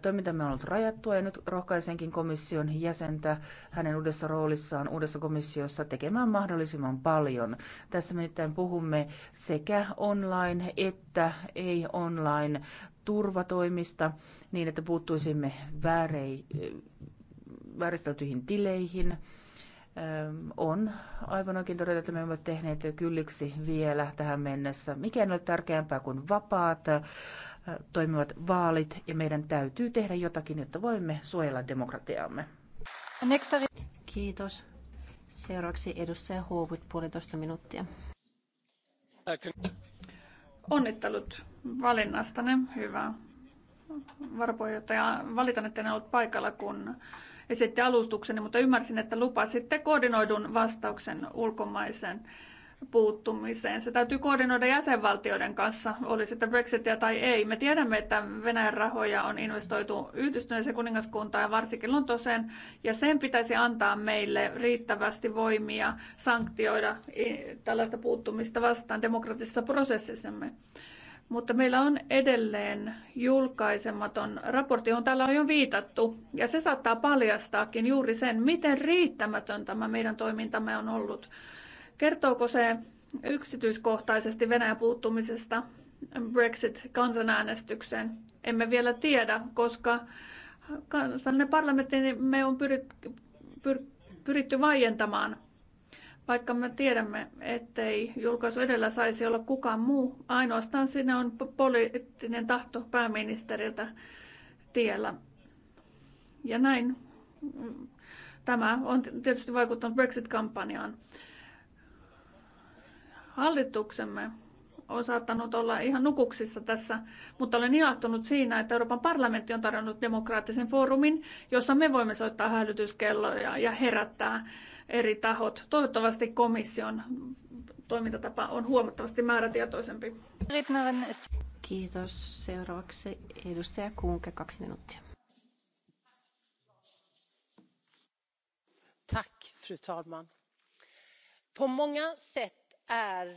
Toimintamme on ollut rajattua ja nyt rohkaisenkin komission jäsentä hänen uudessa roolissaan uudessa komissiossa tekemään mahdollisimman paljon. Tässä nimittäin puhumme sekä online että ei-online turvatoimista niin, että puuttuisimme väärei, vääristeltyihin tileihin, on aivan oikein todeta, että me olemme tehneet kylliksi vielä tähän mennessä. Mikään ei ole tärkeämpää kuin vapaat toimivat vaalit ja meidän täytyy tehdä jotakin, jotta voimme suojella demokratiaamme. Kiitos. Seuraavaksi edustaja Huovit puolitoista minuuttia. Onnittelut valinnastanne. Hyvä. Varapuheenjohtaja, valitan, että en ollut paikalla, kun esitti alustukseni, mutta ymmärsin, että lupasitte koordinoidun vastauksen ulkomaisen puuttumiseen. Se täytyy koordinoida jäsenvaltioiden kanssa, oli sitten Brexitia tai ei. Me tiedämme, että Venäjän rahoja on investoitu yhdistyneeseen kuningaskuntaan ja varsinkin Lontoseen, ja sen pitäisi antaa meille riittävästi voimia sanktioida tällaista puuttumista vastaan demokratisessa prosessissamme mutta meillä on edelleen julkaisematon raportti, johon täällä on jo viitattu, ja se saattaa paljastaakin juuri sen, miten riittämätön tämä meidän toimintamme on ollut. Kertooko se yksityiskohtaisesti Venäjän puuttumisesta Brexit-kansanäänestykseen? Emme vielä tiedä, koska kansallinen parlamentti niin me on pyritty, pyritty vaientamaan. Vaikka me tiedämme, ettei julkaisu edellä saisi olla kukaan muu, ainoastaan siinä on poliittinen tahto pääministeriltä tiellä. Ja näin mm, tämä on tietysti vaikuttanut Brexit-kampanjaan. Hallituksemme on saattanut olla ihan nukuksissa tässä, mutta olen ilahtunut siinä, että Euroopan parlamentti on tarjonnut demokraattisen foorumin, jossa me voimme soittaa hälytyskelloja ja herättää eri tahot. Toivottavasti komission toimintatapa on huomattavasti määrätietoisempi. Kiitos. Seuraavaksi edustaja Kuunke, kaksi minuuttia. Tack, fru talman. På många sätt är...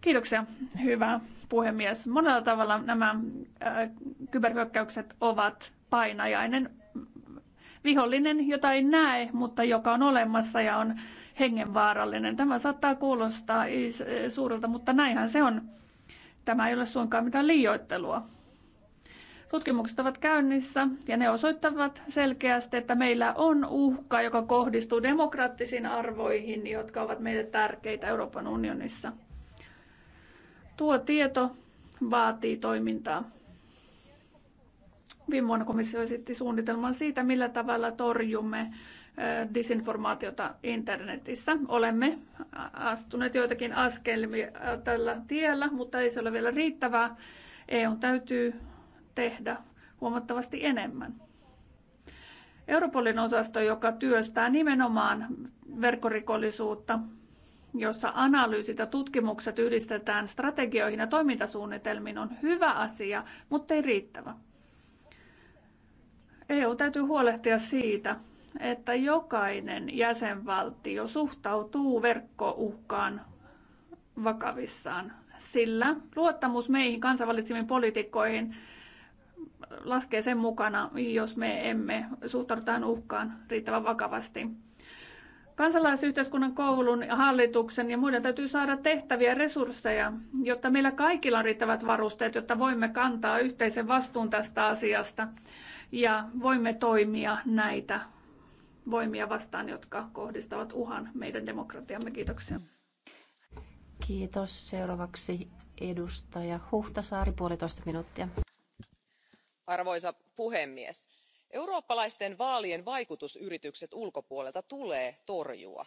Kiitoksia, hyvä puhemies. Monella tavalla nämä äh, kyberhyökkäykset ovat painajainen vihollinen, jota ei näe, mutta joka on olemassa ja on hengenvaarallinen. Tämä saattaa kuulostaa suurelta, mutta näinhän se on. Tämä ei ole suinkaan mitään liioittelua. Tutkimukset ovat käynnissä ja ne osoittavat selkeästi, että meillä on uhka, joka kohdistuu demokraattisiin arvoihin, jotka ovat meille tärkeitä Euroopan unionissa. Tuo tieto vaatii toimintaa. Viime vuonna komissio esitti suunnitelman siitä, millä tavalla torjumme disinformaatiota internetissä. Olemme astuneet joitakin askelmia tällä tiellä, mutta ei se ole vielä riittävää. EU täytyy tehdä huomattavasti enemmän. Europolin osasto, joka työstää nimenomaan verkkorikollisuutta, jossa analyysit ja tutkimukset yhdistetään strategioihin ja toimintasuunnitelmiin, on hyvä asia, mutta ei riittävä. EU täytyy huolehtia siitä, että jokainen jäsenvaltio suhtautuu verkkouhkaan vakavissaan, sillä luottamus meihin kansainvälisiin poliitikkoihin laskee sen mukana, jos me emme suhtaudu tähän uhkaan riittävän vakavasti. Kansalaisyhteiskunnan, koulun, hallituksen ja muiden täytyy saada tehtäviä resursseja, jotta meillä kaikilla on riittävät varusteet, jotta voimme kantaa yhteisen vastuun tästä asiasta – ja voimme toimia näitä voimia vastaan, jotka kohdistavat uhan meidän demokratiamme. Kiitoksia. Kiitos. Seuraavaksi edustaja Huhtasaari, puolitoista minuuttia. Arvoisa puhemies, eurooppalaisten vaalien vaikutusyritykset ulkopuolelta tulee torjua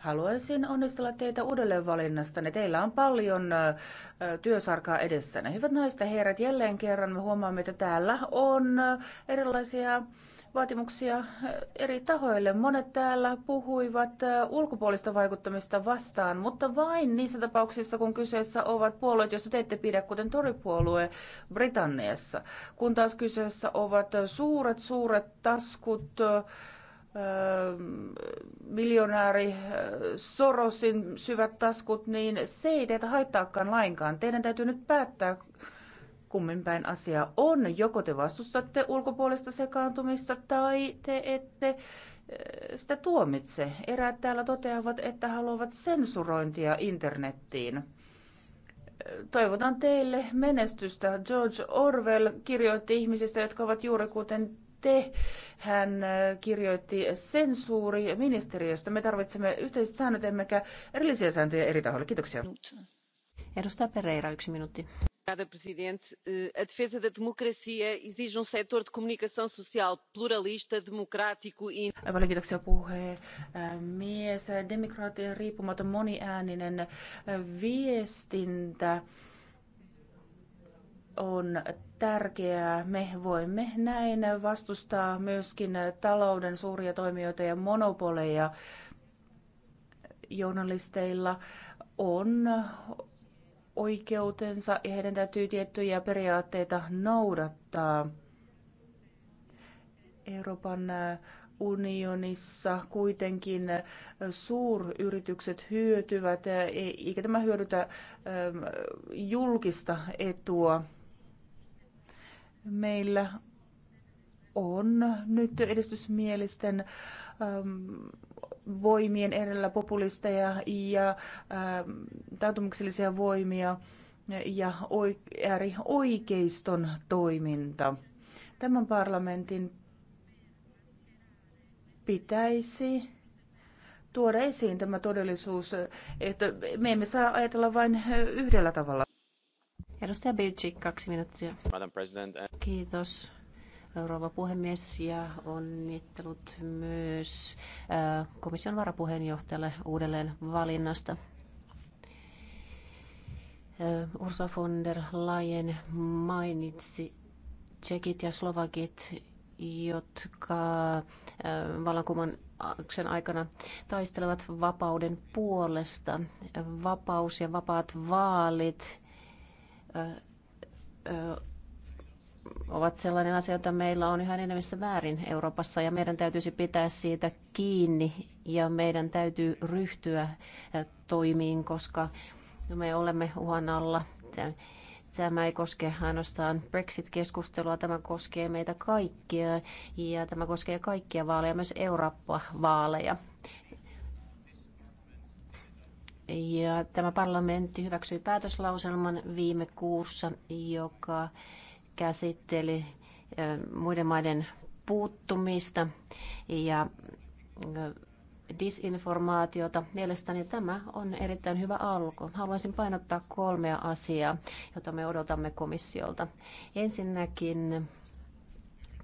Haluaisin onnistella teitä ne Teillä on paljon työsarkaa edessänne. Hyvät naiset ja herrat, jälleen kerran me huomaamme, että täällä on erilaisia vaatimuksia eri tahoille. Monet täällä puhuivat ulkopuolista vaikuttamista vastaan, mutta vain niissä tapauksissa, kun kyseessä ovat puolueet, joissa te ette pidä, kuten toripuolue Britanniassa. Kun taas kyseessä ovat suuret, suuret taskut, Öö, miljonääri öö, Sorosin syvät taskut, niin se ei teitä haittaakaan lainkaan. Teidän täytyy nyt päättää, kummin päin asia on. Joko te vastustatte ulkopuolista sekaantumista tai te ette öö, sitä tuomitse. Eräät täällä toteavat, että haluavat sensurointia internettiin. Toivotan teille menestystä. George Orwell kirjoitti ihmisistä, jotka ovat juuri kuten te. Hän äh, kirjoitti sensuuri ministeriöstä. Me tarvitsemme yhteiset säännöt, emmekä erillisiä sääntöjä eri tahoille. Kiitoksia. Edustaja Pereira, yksi minuutti. Obrigada, Presidente. Eh, a defesa da democracia exige um setor de comunicação social pluralista, democrático e... Paljon kiitoksia puhemies. Demokraattien riippumaton moniääninen eh, viestintä on tärkeää. Me voimme näin vastustaa myöskin talouden suuria toimijoita ja monopoleja. Journalisteilla on oikeutensa ja heidän täytyy tiettyjä periaatteita noudattaa. Euroopan unionissa kuitenkin suuryritykset hyötyvät, eikä tämä hyödytä julkista etua meillä on nyt edistysmielisten ähm, voimien erillä populisteja ja äm, taantumuksellisia voimia ja äärioikeiston toiminta. Tämän parlamentin pitäisi tuoda esiin tämä todellisuus, että me emme saa ajatella vain yhdellä tavalla. Edustaja Bilcik, kaksi minuuttia. Madam President. Kiitos rouva puhemies ja onnittelut myös komission varapuheenjohtajalle uudelleen valinnasta. Ursula von der Leyen mainitsi tsekit ja slovakit, jotka vallankumouksen aikana taistelevat vapauden puolesta. Vapaus ja vapaat vaalit ovat sellainen asia, jota meillä on yhä enemmissä väärin Euroopassa ja meidän täytyisi pitää siitä kiinni ja meidän täytyy ryhtyä toimiin, koska me olemme uhan alla. Tämä ei koske ainoastaan Brexit-keskustelua, tämä koskee meitä kaikkia ja tämä koskee kaikkia vaaleja, myös Eurooppa-vaaleja. Ja tämä parlamentti hyväksyi päätöslauselman viime kuussa, joka käsitteli muiden maiden puuttumista ja disinformaatiota. Mielestäni tämä on erittäin hyvä alku. Haluaisin painottaa kolmea asiaa, jota me odotamme komissiolta. Ensinnäkin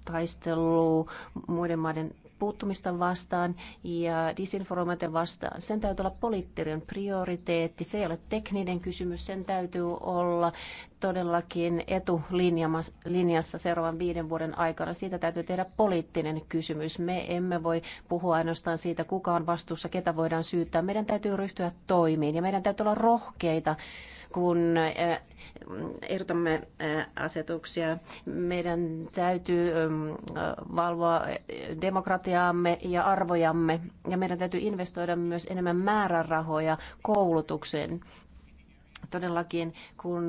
taistelu muiden maiden puuttumista vastaan ja disinformaation vastaan. Sen täytyy olla poliittinen prioriteetti, se ei ole tekninen kysymys, sen täytyy olla todellakin etulinjassa seuraavan viiden vuoden aikana. Siitä täytyy tehdä poliittinen kysymys. Me emme voi puhua ainoastaan siitä, kuka on vastuussa, ketä voidaan syyttää. Meidän täytyy ryhtyä toimiin ja meidän täytyy olla rohkeita kun eh, ehdotamme eh, asetuksia. Meidän täytyy eh, valvoa demokratiaamme ja arvojamme ja meidän täytyy investoida myös enemmän määrärahoja koulutukseen todellakin, kun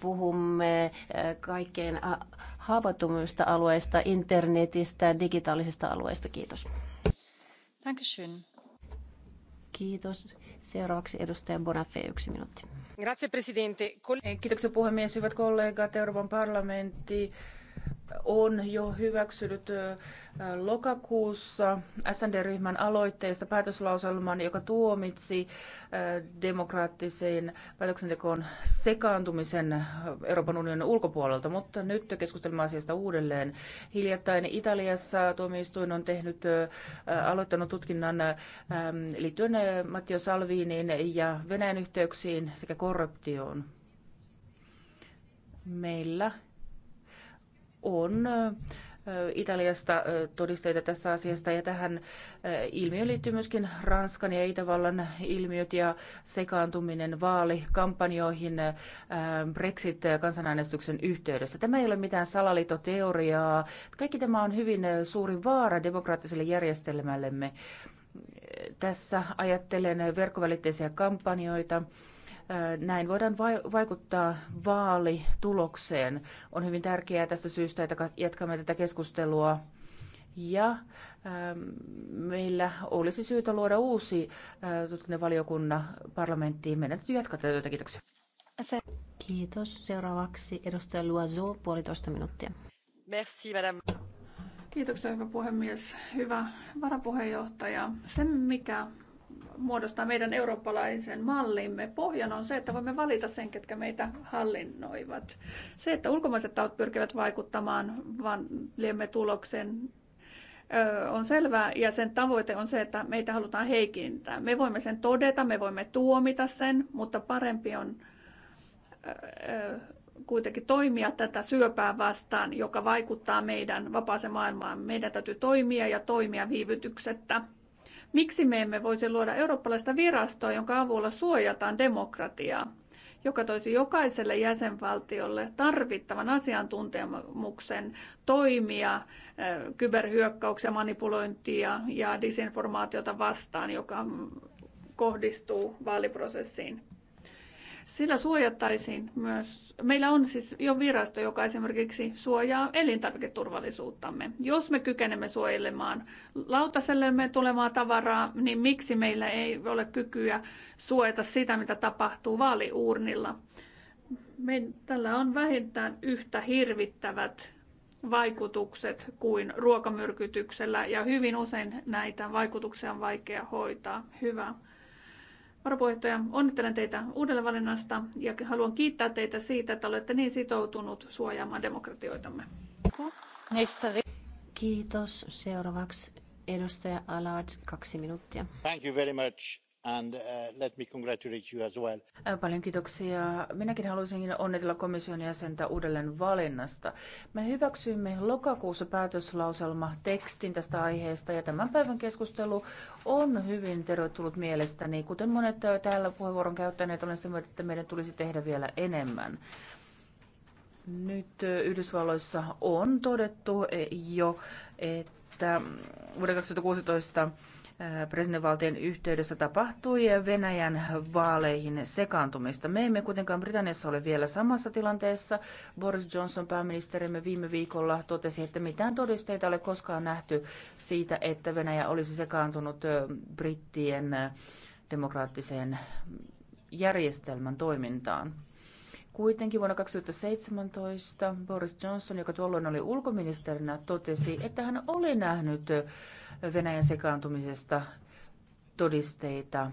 puhumme kaikkein haavoittuvimmista alueista, internetistä, digitaalisista alueista. Kiitos. Dankeschön. Kiitos. Seuraavaksi edustaja Bonafé, yksi minuutti. Eh, kiitoksia puhemies, hyvät kollegat, Euroopan parlamentti on jo hyväksynyt lokakuussa SND-ryhmän aloitteesta päätöslauselman, joka tuomitsi demokraattiseen päätöksentekoon sekaantumisen Euroopan unionin ulkopuolelta, mutta nyt keskustelemme asiasta uudelleen. Hiljattain Italiassa tuomioistuin on tehnyt, aloittanut tutkinnan liittyen Matteo Salviniin ja Venäjän yhteyksiin sekä korruptioon. Meillä on Italiasta todisteita tästä asiasta ja tähän ilmiöön liittyy myöskin Ranskan ja Itävallan ilmiöt ja sekaantuminen vaalikampanjoihin Brexit-kansanäänestyksen yhteydessä. Tämä ei ole mitään salaliittoteoriaa. Kaikki tämä on hyvin suuri vaara demokraattiselle järjestelmällemme. Tässä ajattelen verkkovälitteisiä kampanjoita näin voidaan vaikuttaa vaalitulokseen. On hyvin tärkeää tästä syystä, että jatkamme tätä keskustelua. Ja meillä olisi syytä luoda uusi tutkintavaliokunnan parlamenttiin. Meidän täytyy jatkaa tätä työtä. Kiitoksia. Kiitos. Seuraavaksi edustaja Luazo, puolitoista minuuttia. Merci, madame. Kiitoksia, hyvä puhemies. Hyvä varapuheenjohtaja. Se, mikä muodostaa meidän eurooppalaisen mallimme. pohjan on se, että voimme valita sen, ketkä meitä hallinnoivat. Se, että ulkomaiset tahot pyrkivät vaikuttamaan vanliemme tuloksen, on selvää ja sen tavoite on se, että meitä halutaan heikintää. Me voimme sen todeta, me voimme tuomita sen, mutta parempi on kuitenkin toimia tätä syöpää vastaan, joka vaikuttaa meidän vapaaseen maailmaan. Meidän täytyy toimia ja toimia viivytyksettä. Miksi me emme voisi luoda eurooppalaista virastoa, jonka avulla suojataan demokratiaa, joka toisi jokaiselle jäsenvaltiolle tarvittavan asiantuntemuksen toimia kyberhyökkäyksiä, manipulointia ja disinformaatiota vastaan, joka kohdistuu vaaliprosessiin. Sillä suojattaisiin myös, meillä on siis jo virasto, joka esimerkiksi suojaa elintarviketurvallisuuttamme. Jos me kykenemme suojelemaan lautasellemme tulevaa tavaraa, niin miksi meillä ei ole kykyä suojata sitä, mitä tapahtuu vaaliuurnilla? Me, tällä on vähintään yhtä hirvittävät vaikutukset kuin ruokamyrkytyksellä ja hyvin usein näitä vaikutuksia on vaikea hoitaa. Hyvä varapuheenjohtaja, onnittelen teitä uudelle valinnasta ja haluan kiittää teitä siitä, että olette niin sitoutunut suojaamaan demokratioitamme. Kiitos. Seuraavaksi edustaja Allard, kaksi minuuttia. Thank you very much. And uh, let me congratulate you as well. Paljon kiitoksia. Minäkin haluaisin onnitella komission jäsentä uudelleen valinnasta. Me hyväksyimme lokakuussa päätöslauselma tekstin tästä aiheesta ja tämän päivän keskustelu on hyvin tervetullut mielestäni. Kuten monet täällä puheenvuoron käyttäneet, olen sitä mieltä, että meidän tulisi tehdä vielä enemmän. Nyt Yhdysvalloissa on todettu jo, että vuoden 2016 presidentinvaltien yhteydessä tapahtui Venäjän vaaleihin sekaantumista. Me emme kuitenkaan Britanniassa ole vielä samassa tilanteessa. Boris Johnson pääministerimme viime viikolla totesi, että mitään todisteita ei ole koskaan nähty siitä, että Venäjä olisi sekaantunut brittien demokraattiseen järjestelmän toimintaan. Kuitenkin vuonna 2017 Boris Johnson, joka tuolloin oli ulkoministerinä, totesi, että hän oli nähnyt Venäjän sekaantumisesta todisteita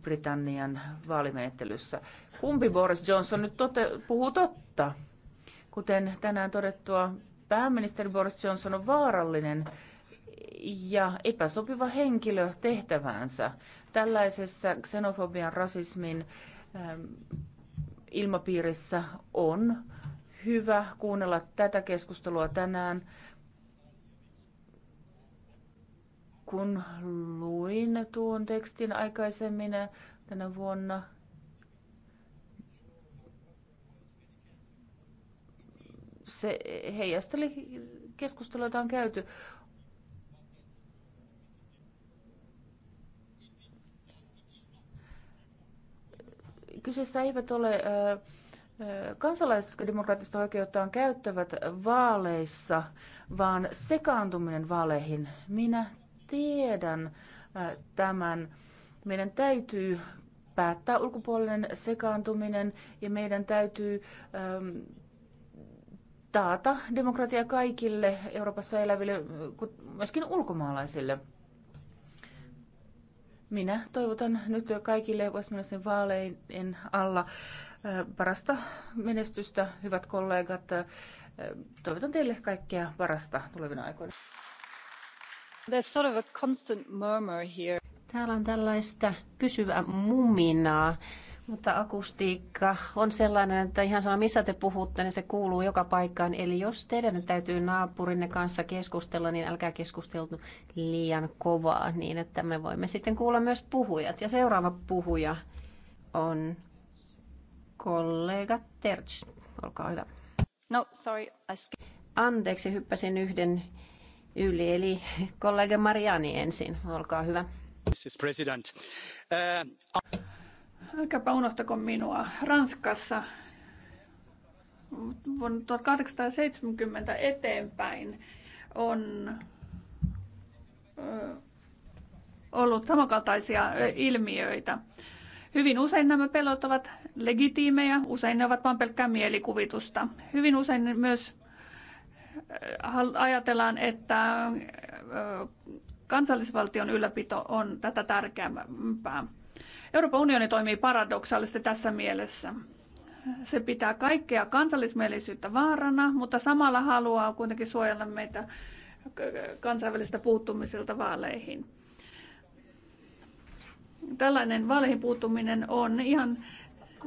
Britannian vaalimenettelyssä. Kumpi Boris Johnson nyt tote- puhuu totta? Kuten tänään todettua, pääministeri Boris Johnson on vaarallinen ja epäsopiva henkilö tehtäväänsä. Tällaisessa xenofobian, rasismin, ähm, ilmapiirissä on hyvä kuunnella tätä keskustelua tänään. Kun luin tuon tekstin aikaisemmin tänä vuonna, se heijasteli keskustelua, jota on käyty. Kyseessä eivät ole kansalaiset, jotka demokraattista oikeuttaan käyttävät vaaleissa, vaan sekaantuminen vaaleihin. Minä tiedän tämän. Meidän täytyy päättää ulkopuolinen sekaantuminen ja meidän täytyy taata demokratia kaikille Euroopassa eläville, myöskin ulkomaalaisille. Minä toivotan nyt kaikille Westminsterin vaaleiden alla parasta menestystä, hyvät kollegat. Toivotan teille kaikkea parasta tulevina aikoina. There's sort of a constant murmur here. Täällä on tällaista pysyvää muminaa. Mutta akustiikka on sellainen, että ihan sama missä te puhutte, niin se kuuluu joka paikkaan. Eli jos teidän täytyy naapurinne kanssa keskustella, niin älkää keskusteltu liian kovaa niin, että me voimme sitten kuulla myös puhujat. Ja seuraava puhuja on kollega Terch. Olkaa hyvä. No, sorry. I Anteeksi, hyppäsin yhden yli. Eli kollega Mariani ensin. Olkaa hyvä. Mrs. President. Uh, älkääpä unohtako minua. Ranskassa vuonna 1870 eteenpäin on ollut samankaltaisia ilmiöitä. Hyvin usein nämä pelot ovat legitiimejä, usein ne ovat vain pelkkää mielikuvitusta. Hyvin usein myös ajatellaan, että kansallisvaltion ylläpito on tätä tärkeämpää. Euroopan unioni toimii paradoksaalisesti tässä mielessä. Se pitää kaikkea kansallismielisyyttä vaarana, mutta samalla haluaa kuitenkin suojella meitä kansainvälistä puuttumisilta vaaleihin. Tällainen vaaleihin puuttuminen on ihan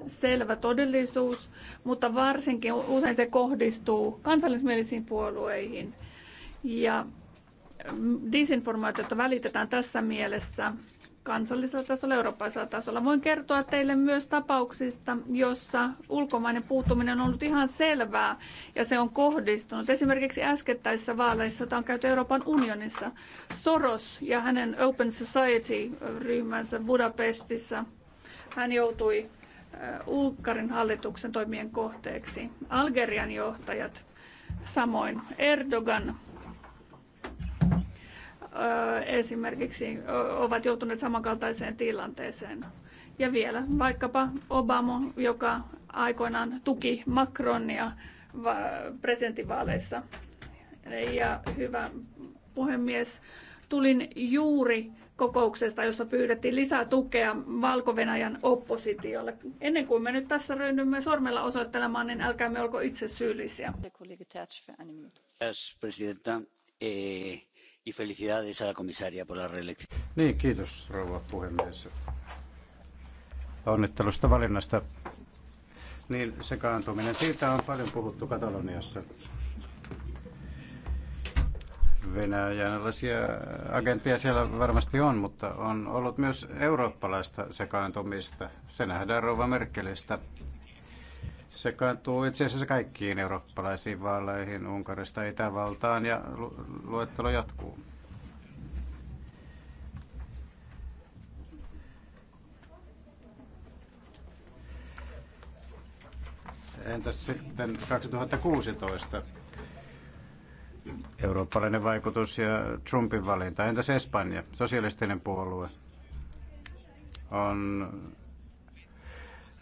selvä todellisuus, mutta varsinkin usein se kohdistuu kansallismielisiin puolueihin. Ja disinformaatiota välitetään tässä mielessä kansallisella tasolla, eurooppalaisella tasolla. Voin kertoa teille myös tapauksista, jossa ulkomainen puuttuminen on ollut ihan selvää ja se on kohdistunut. Esimerkiksi äskettäisissä vaaleissa, joita on käyty Euroopan unionissa, Soros ja hänen Open Society-ryhmänsä Budapestissa, hän joutui äh, Ulkarin hallituksen toimien kohteeksi. Algerian johtajat, samoin Erdogan, esimerkiksi ovat joutuneet samankaltaiseen tilanteeseen. Ja vielä vaikkapa Obama, joka aikoinaan tuki Macronia presidentinvaaleissa. Ja hyvä puhemies, tulin juuri kokouksesta, jossa pyydettiin lisää tukea valko oppositiolle. Ennen kuin me nyt tässä ryhdymme sormella osoittelemaan, niin älkäämme olko itse syyllisiä. Yes, eh, y felicidades a la comisaria por la reelección. Niin, kiitos rouva puhemies. Onnittelusta valinnasta. Niin, sekaantuminen. Siitä on paljon puhuttu Kataloniassa. Venäjänlaisia agentteja siellä varmasti on, mutta on ollut myös eurooppalaista sekaantumista. Se nähdään Rouva Merkelistä se kantuu itse asiassa kaikkiin eurooppalaisiin vaaleihin Unkarista Itävaltaan ja luettelo jatkuu. Entäs sitten 2016? Eurooppalainen vaikutus ja Trumpin valinta. Entäs Espanja, sosialistinen puolue? On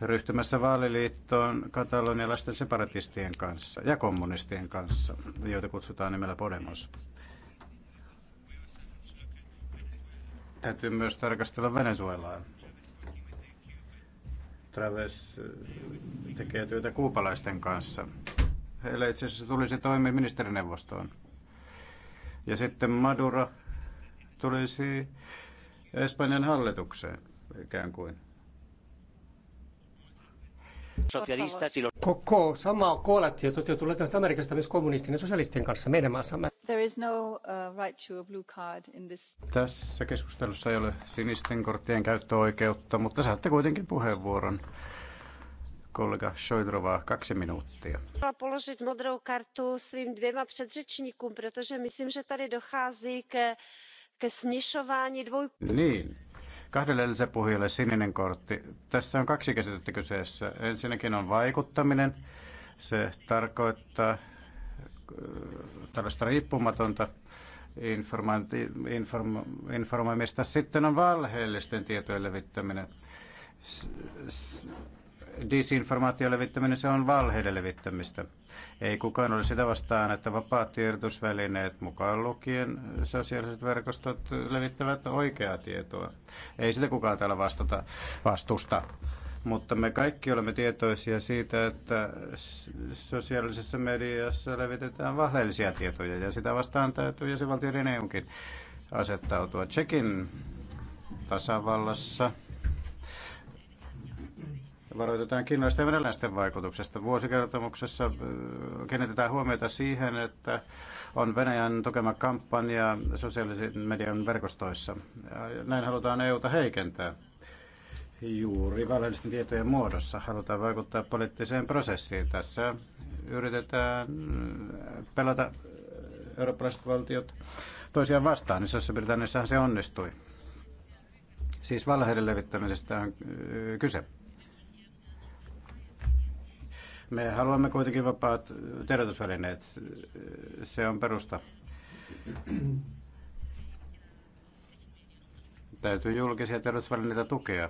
ryhtymässä vaaliliittoon katalonialaisten separatistien kanssa ja kommunistien kanssa, joita kutsutaan nimellä Podemos. Täytyy myös tarkastella Venezuelaa. Traves eh, tekee työtä kuupalaisten kanssa. Heillä itse asiassa tulisi toimia ministerineuvostoon. Ja sitten Maduro tulisi Espanjan hallitukseen ikään kuin sosialistat Koko sama koalitio toteutuu Latinalaisesta Amerikasta myös kommunistien ja sosialistien kanssa meidän maassamme. There is no, uh, right to a blue card in this. Tässä keskustelussa ei ole sinisten korttien käyttöoikeutta, mutta saatte kuitenkin puheenvuoron. Kollega Šojdrová, kaksi minuuttia. položit modrou kartu svým dvěma předřečníkům, protože myslím, že tady dochází ke, ke směšování dvou... Niin, Kahdelle edelliselle puhujalle sininen kortti. Tässä on kaksi käsitettä kyseessä. Ensinnäkin on vaikuttaminen. Se tarkoittaa äh, tällaista riippumatonta inform, informoimista. Sitten on valheellisten tietojen levittäminen disinformaation levittäminen, se on valheiden levittämistä. Ei kukaan ole sitä vastaan, että vapaat tiedotusvälineet, mukaan lukien sosiaaliset verkostot, levittävät oikeaa tietoa. Ei sitä kukaan täällä vastata, vastusta. Mutta me kaikki olemme tietoisia siitä, että sosiaalisessa mediassa levitetään valheellisia tietoja ja sitä vastaan täytyy jäsenvaltioiden EUnkin asettautua. Tsekin tasavallassa varoitetaan kiinalaisten ja venäläisten vaikutuksesta. Vuosikertomuksessa kiinnitetään huomiota siihen, että on Venäjän tukema kampanja sosiaalisen median verkostoissa. Näin halutaan EUta heikentää juuri valheellisten tietojen muodossa. Halutaan vaikuttaa poliittiseen prosessiin. Tässä yritetään pelata eurooppalaiset valtiot toisiaan vastaan. Isossa Britanniassahan se onnistui. Siis valheiden levittämisestä on kyse. Me haluamme kuitenkin vapaat tiedotusvälineet. Se on perusta. Täytyy julkisia tiedotusvälineitä tukea,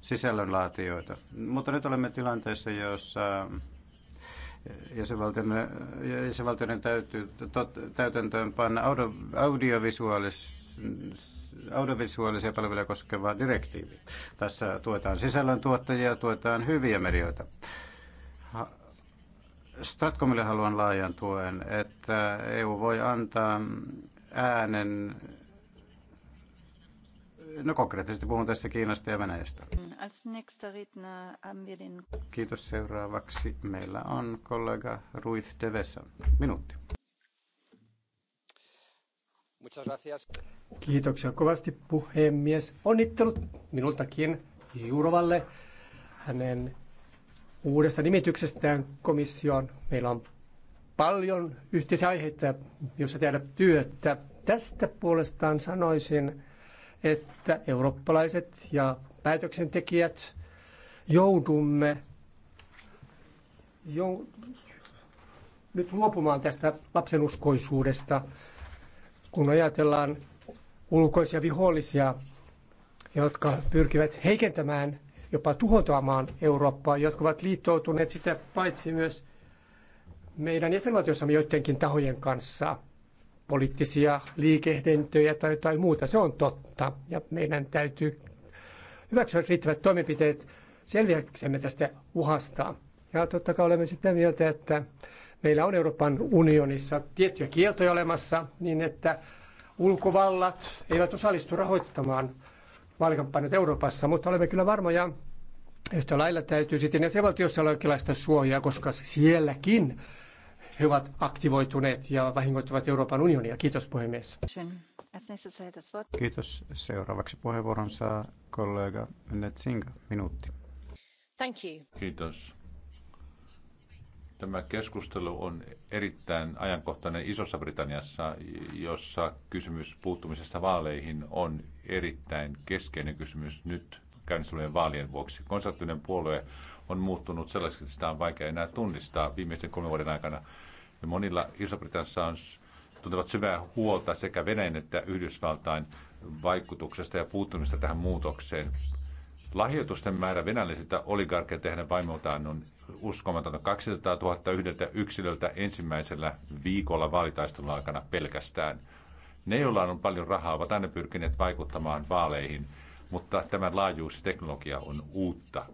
sisällönlaatijoita. Mutta nyt olemme tilanteessa, jossa jäsenvaltioiden, jäsenvaltioiden täytyy tot, täytäntöön panna audio, audiovisuaalis, audiovisuaalisia palveluja koskeva direktiivi. Tässä tuetaan sisällöntuottajia, tuetaan hyviä medioita. Statkomille haluan laajan tuen, että EU voi antaa äänen No konkreettisesti puhun tässä Kiinasta ja Venäjästä. Kiitos seuraavaksi. Meillä on kollega Ruiz de Vesa. Minuutti. Kiitoksia kovasti puhemies. Onnittelut minultakin Jurovalle hänen uudesta nimityksestään komission. Meillä on paljon yhteisiä aiheita, joissa tehdä työtä. Tästä puolestaan sanoisin, että eurooppalaiset ja päätöksentekijät joudumme jo nyt luopumaan tästä lapsenuskoisuudesta, kun ajatellaan ulkoisia vihollisia, jotka pyrkivät heikentämään jopa tuhotaamaan Eurooppaa, jotka ovat liittoutuneet sitä paitsi myös meidän jäsenvaltiossamme joidenkin tahojen kanssa poliittisia liikehdintöjä tai jotain muuta. Se on totta ja meidän täytyy hyväksyä riittävät toimenpiteet selviäksemme tästä uhasta. Ja totta kai olemme sitä mieltä, että meillä on Euroopan unionissa tiettyjä kieltoja olemassa niin, että ulkovallat eivät osallistu rahoittamaan vaalikampanjat Euroopassa, mutta olemme kyllä varmoja, Yhtä lailla täytyy sitten jäsenvaltiossa olla jonkinlaista suojaa, koska sielläkin he ovat aktivoituneet ja vahingoittavat Euroopan unionia. Kiitos puhemies. Kiitos. Seuraavaksi puheenvuoron saa kollega Netsinga. Minuutti. Thank you. Kiitos. Tämä keskustelu on erittäin ajankohtainen Isossa Britanniassa, jossa kysymys puuttumisesta vaaleihin on erittäin keskeinen kysymys nyt käynnistyneiden vaalien vuoksi. Konservatiivinen puolue on muuttunut sellaiseksi, että sitä on vaikea enää tunnistaa viimeisten kolmen vuoden aikana. Ja monilla iso on tuntevat syvää huolta sekä Venäjän että Yhdysvaltain vaikutuksesta ja puuttumista tähän muutokseen. Lahjoitusten määrä venäläisiltä oligarkeilta ja vaimoltaan on uskomaton 200 000 yhdeltä yksilöltä ensimmäisellä viikolla vaalitaistelun aikana pelkästään. Ne, joilla on paljon rahaa, ovat aina pyrkineet vaikuttamaan vaaleihin – mutta tämän laajuus teknologia on uutta.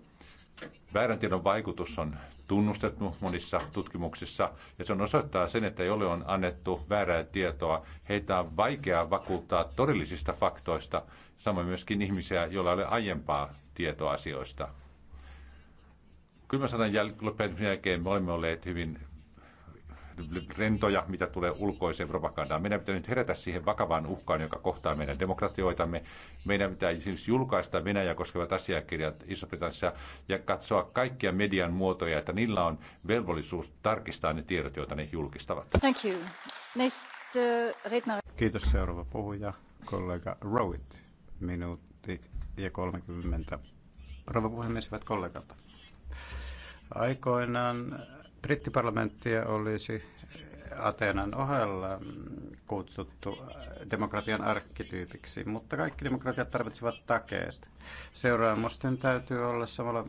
Väärän tiedon vaikutus on tunnustettu monissa tutkimuksissa ja se on osoittaa sen, että jolle on annettu väärää tietoa, heitä on vaikea vakuuttaa todellisista faktoista, samoin myöskin ihmisiä, joilla ei ole aiempaa tietoa asioista. Kylmän sanan jäl- jälkeen me olemme olleet hyvin rentoja, mitä tulee ulkoiseen propagandaan. Meidän pitää nyt herätä siihen vakavaan uhkaan, joka kohtaa meidän demokratioitamme. Meidän pitää siis julkaista Venäjä koskevat asiakirjat iso ja katsoa kaikkia median muotoja, että niillä on velvollisuus tarkistaa ne tiedot, joita ne julkistavat. Thank you. Next, uh, Kiitos seuraava puhuja, kollega Rowit, minuutti ja 30. Rouva puhemies, hyvät kollegat. Aikoinaan brittiparlamenttia olisi Atenan ohella kutsuttu demokratian arkkityypiksi, mutta kaikki demokratiat tarvitsevat takeet. Seuraamusten täytyy olla samalla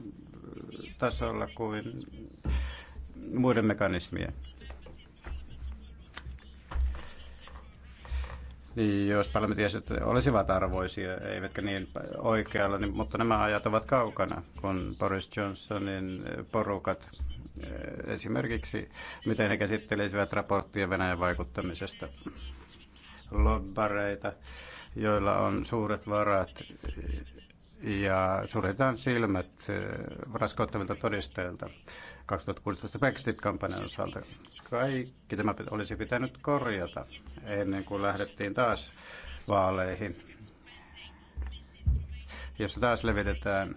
tasolla kuin muiden mekanismien. Niin, jos parlamentin olisivat arvoisia, eivätkä niin oikealla, niin, mutta nämä ajat ovat kaukana, kun Boris Johnsonin porukat eh, esimerkiksi, miten he käsittelisivät raporttia Venäjän vaikuttamisesta lobbareita, joilla on suuret varat ja suljetaan silmät eh, raskauttavilta todisteilta 2016 Brexit-kampanjan osalta. Kaikki tämä olisi pitänyt korjata ennen kuin lähdettiin taas vaaleihin, jossa taas levitetään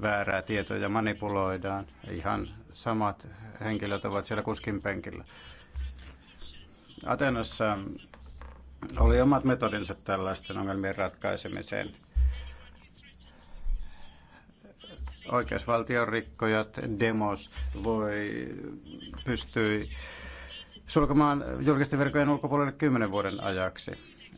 väärää tietoa ja manipuloidaan. Ihan samat henkilöt ovat siellä kuskin penkillä. Atenassa oli omat metodinsa tällaisten ongelmien ratkaisemiseen oikeusvaltion rikkojat demos voi pystyi sulkemaan julkisten verkojen ulkopuolelle kymmenen vuoden ajaksi.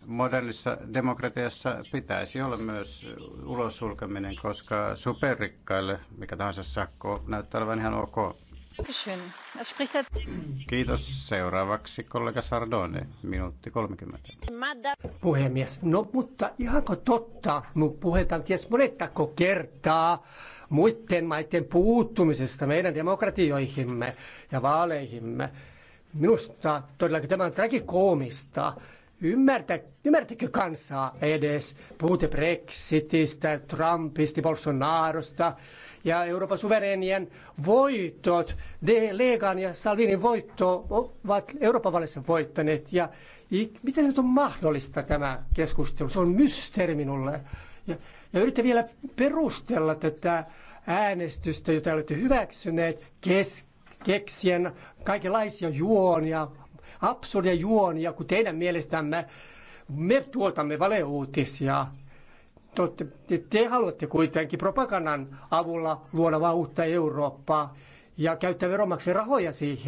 Modernissa demokratiassa pitäisi olla myös ulosulkeminen, koska superrikkaille mikä tahansa sakko näyttää olevan ihan ok. Er Kiitos. Seuraavaksi kollega Sardone, minuutti 30. Puhemies, no mutta ihanko totta, mun puhetaan ties monettako kertaa, muiden maiden puuttumisesta meidän demokratioihimme ja vaaleihimme. Minusta todellakin tämä on tragikoomista. Ymmärtä, ymmärtäkö kansaa edes? Puhutte Brexitistä, Trumpista, Bolsonarosta ja Euroopan suverenien voitot. De Legan ja Salvinin voitto ovat Euroopan vaaleissa voittaneet. Ja, miten se nyt on mahdollista tämä keskustelu? Se on mysteeri minulle. Ja, ja no yritän vielä perustella tätä äänestystä, jota olette hyväksyneet, kes- keksien kaikenlaisia juonia, absurdia juonia, kun teidän mielestämme me tuotamme valeuutisia. Te, te, te haluatte kuitenkin propagandan avulla luoda vauhtia Eurooppaa ja käyttää veronmaksajien rahoja siihen.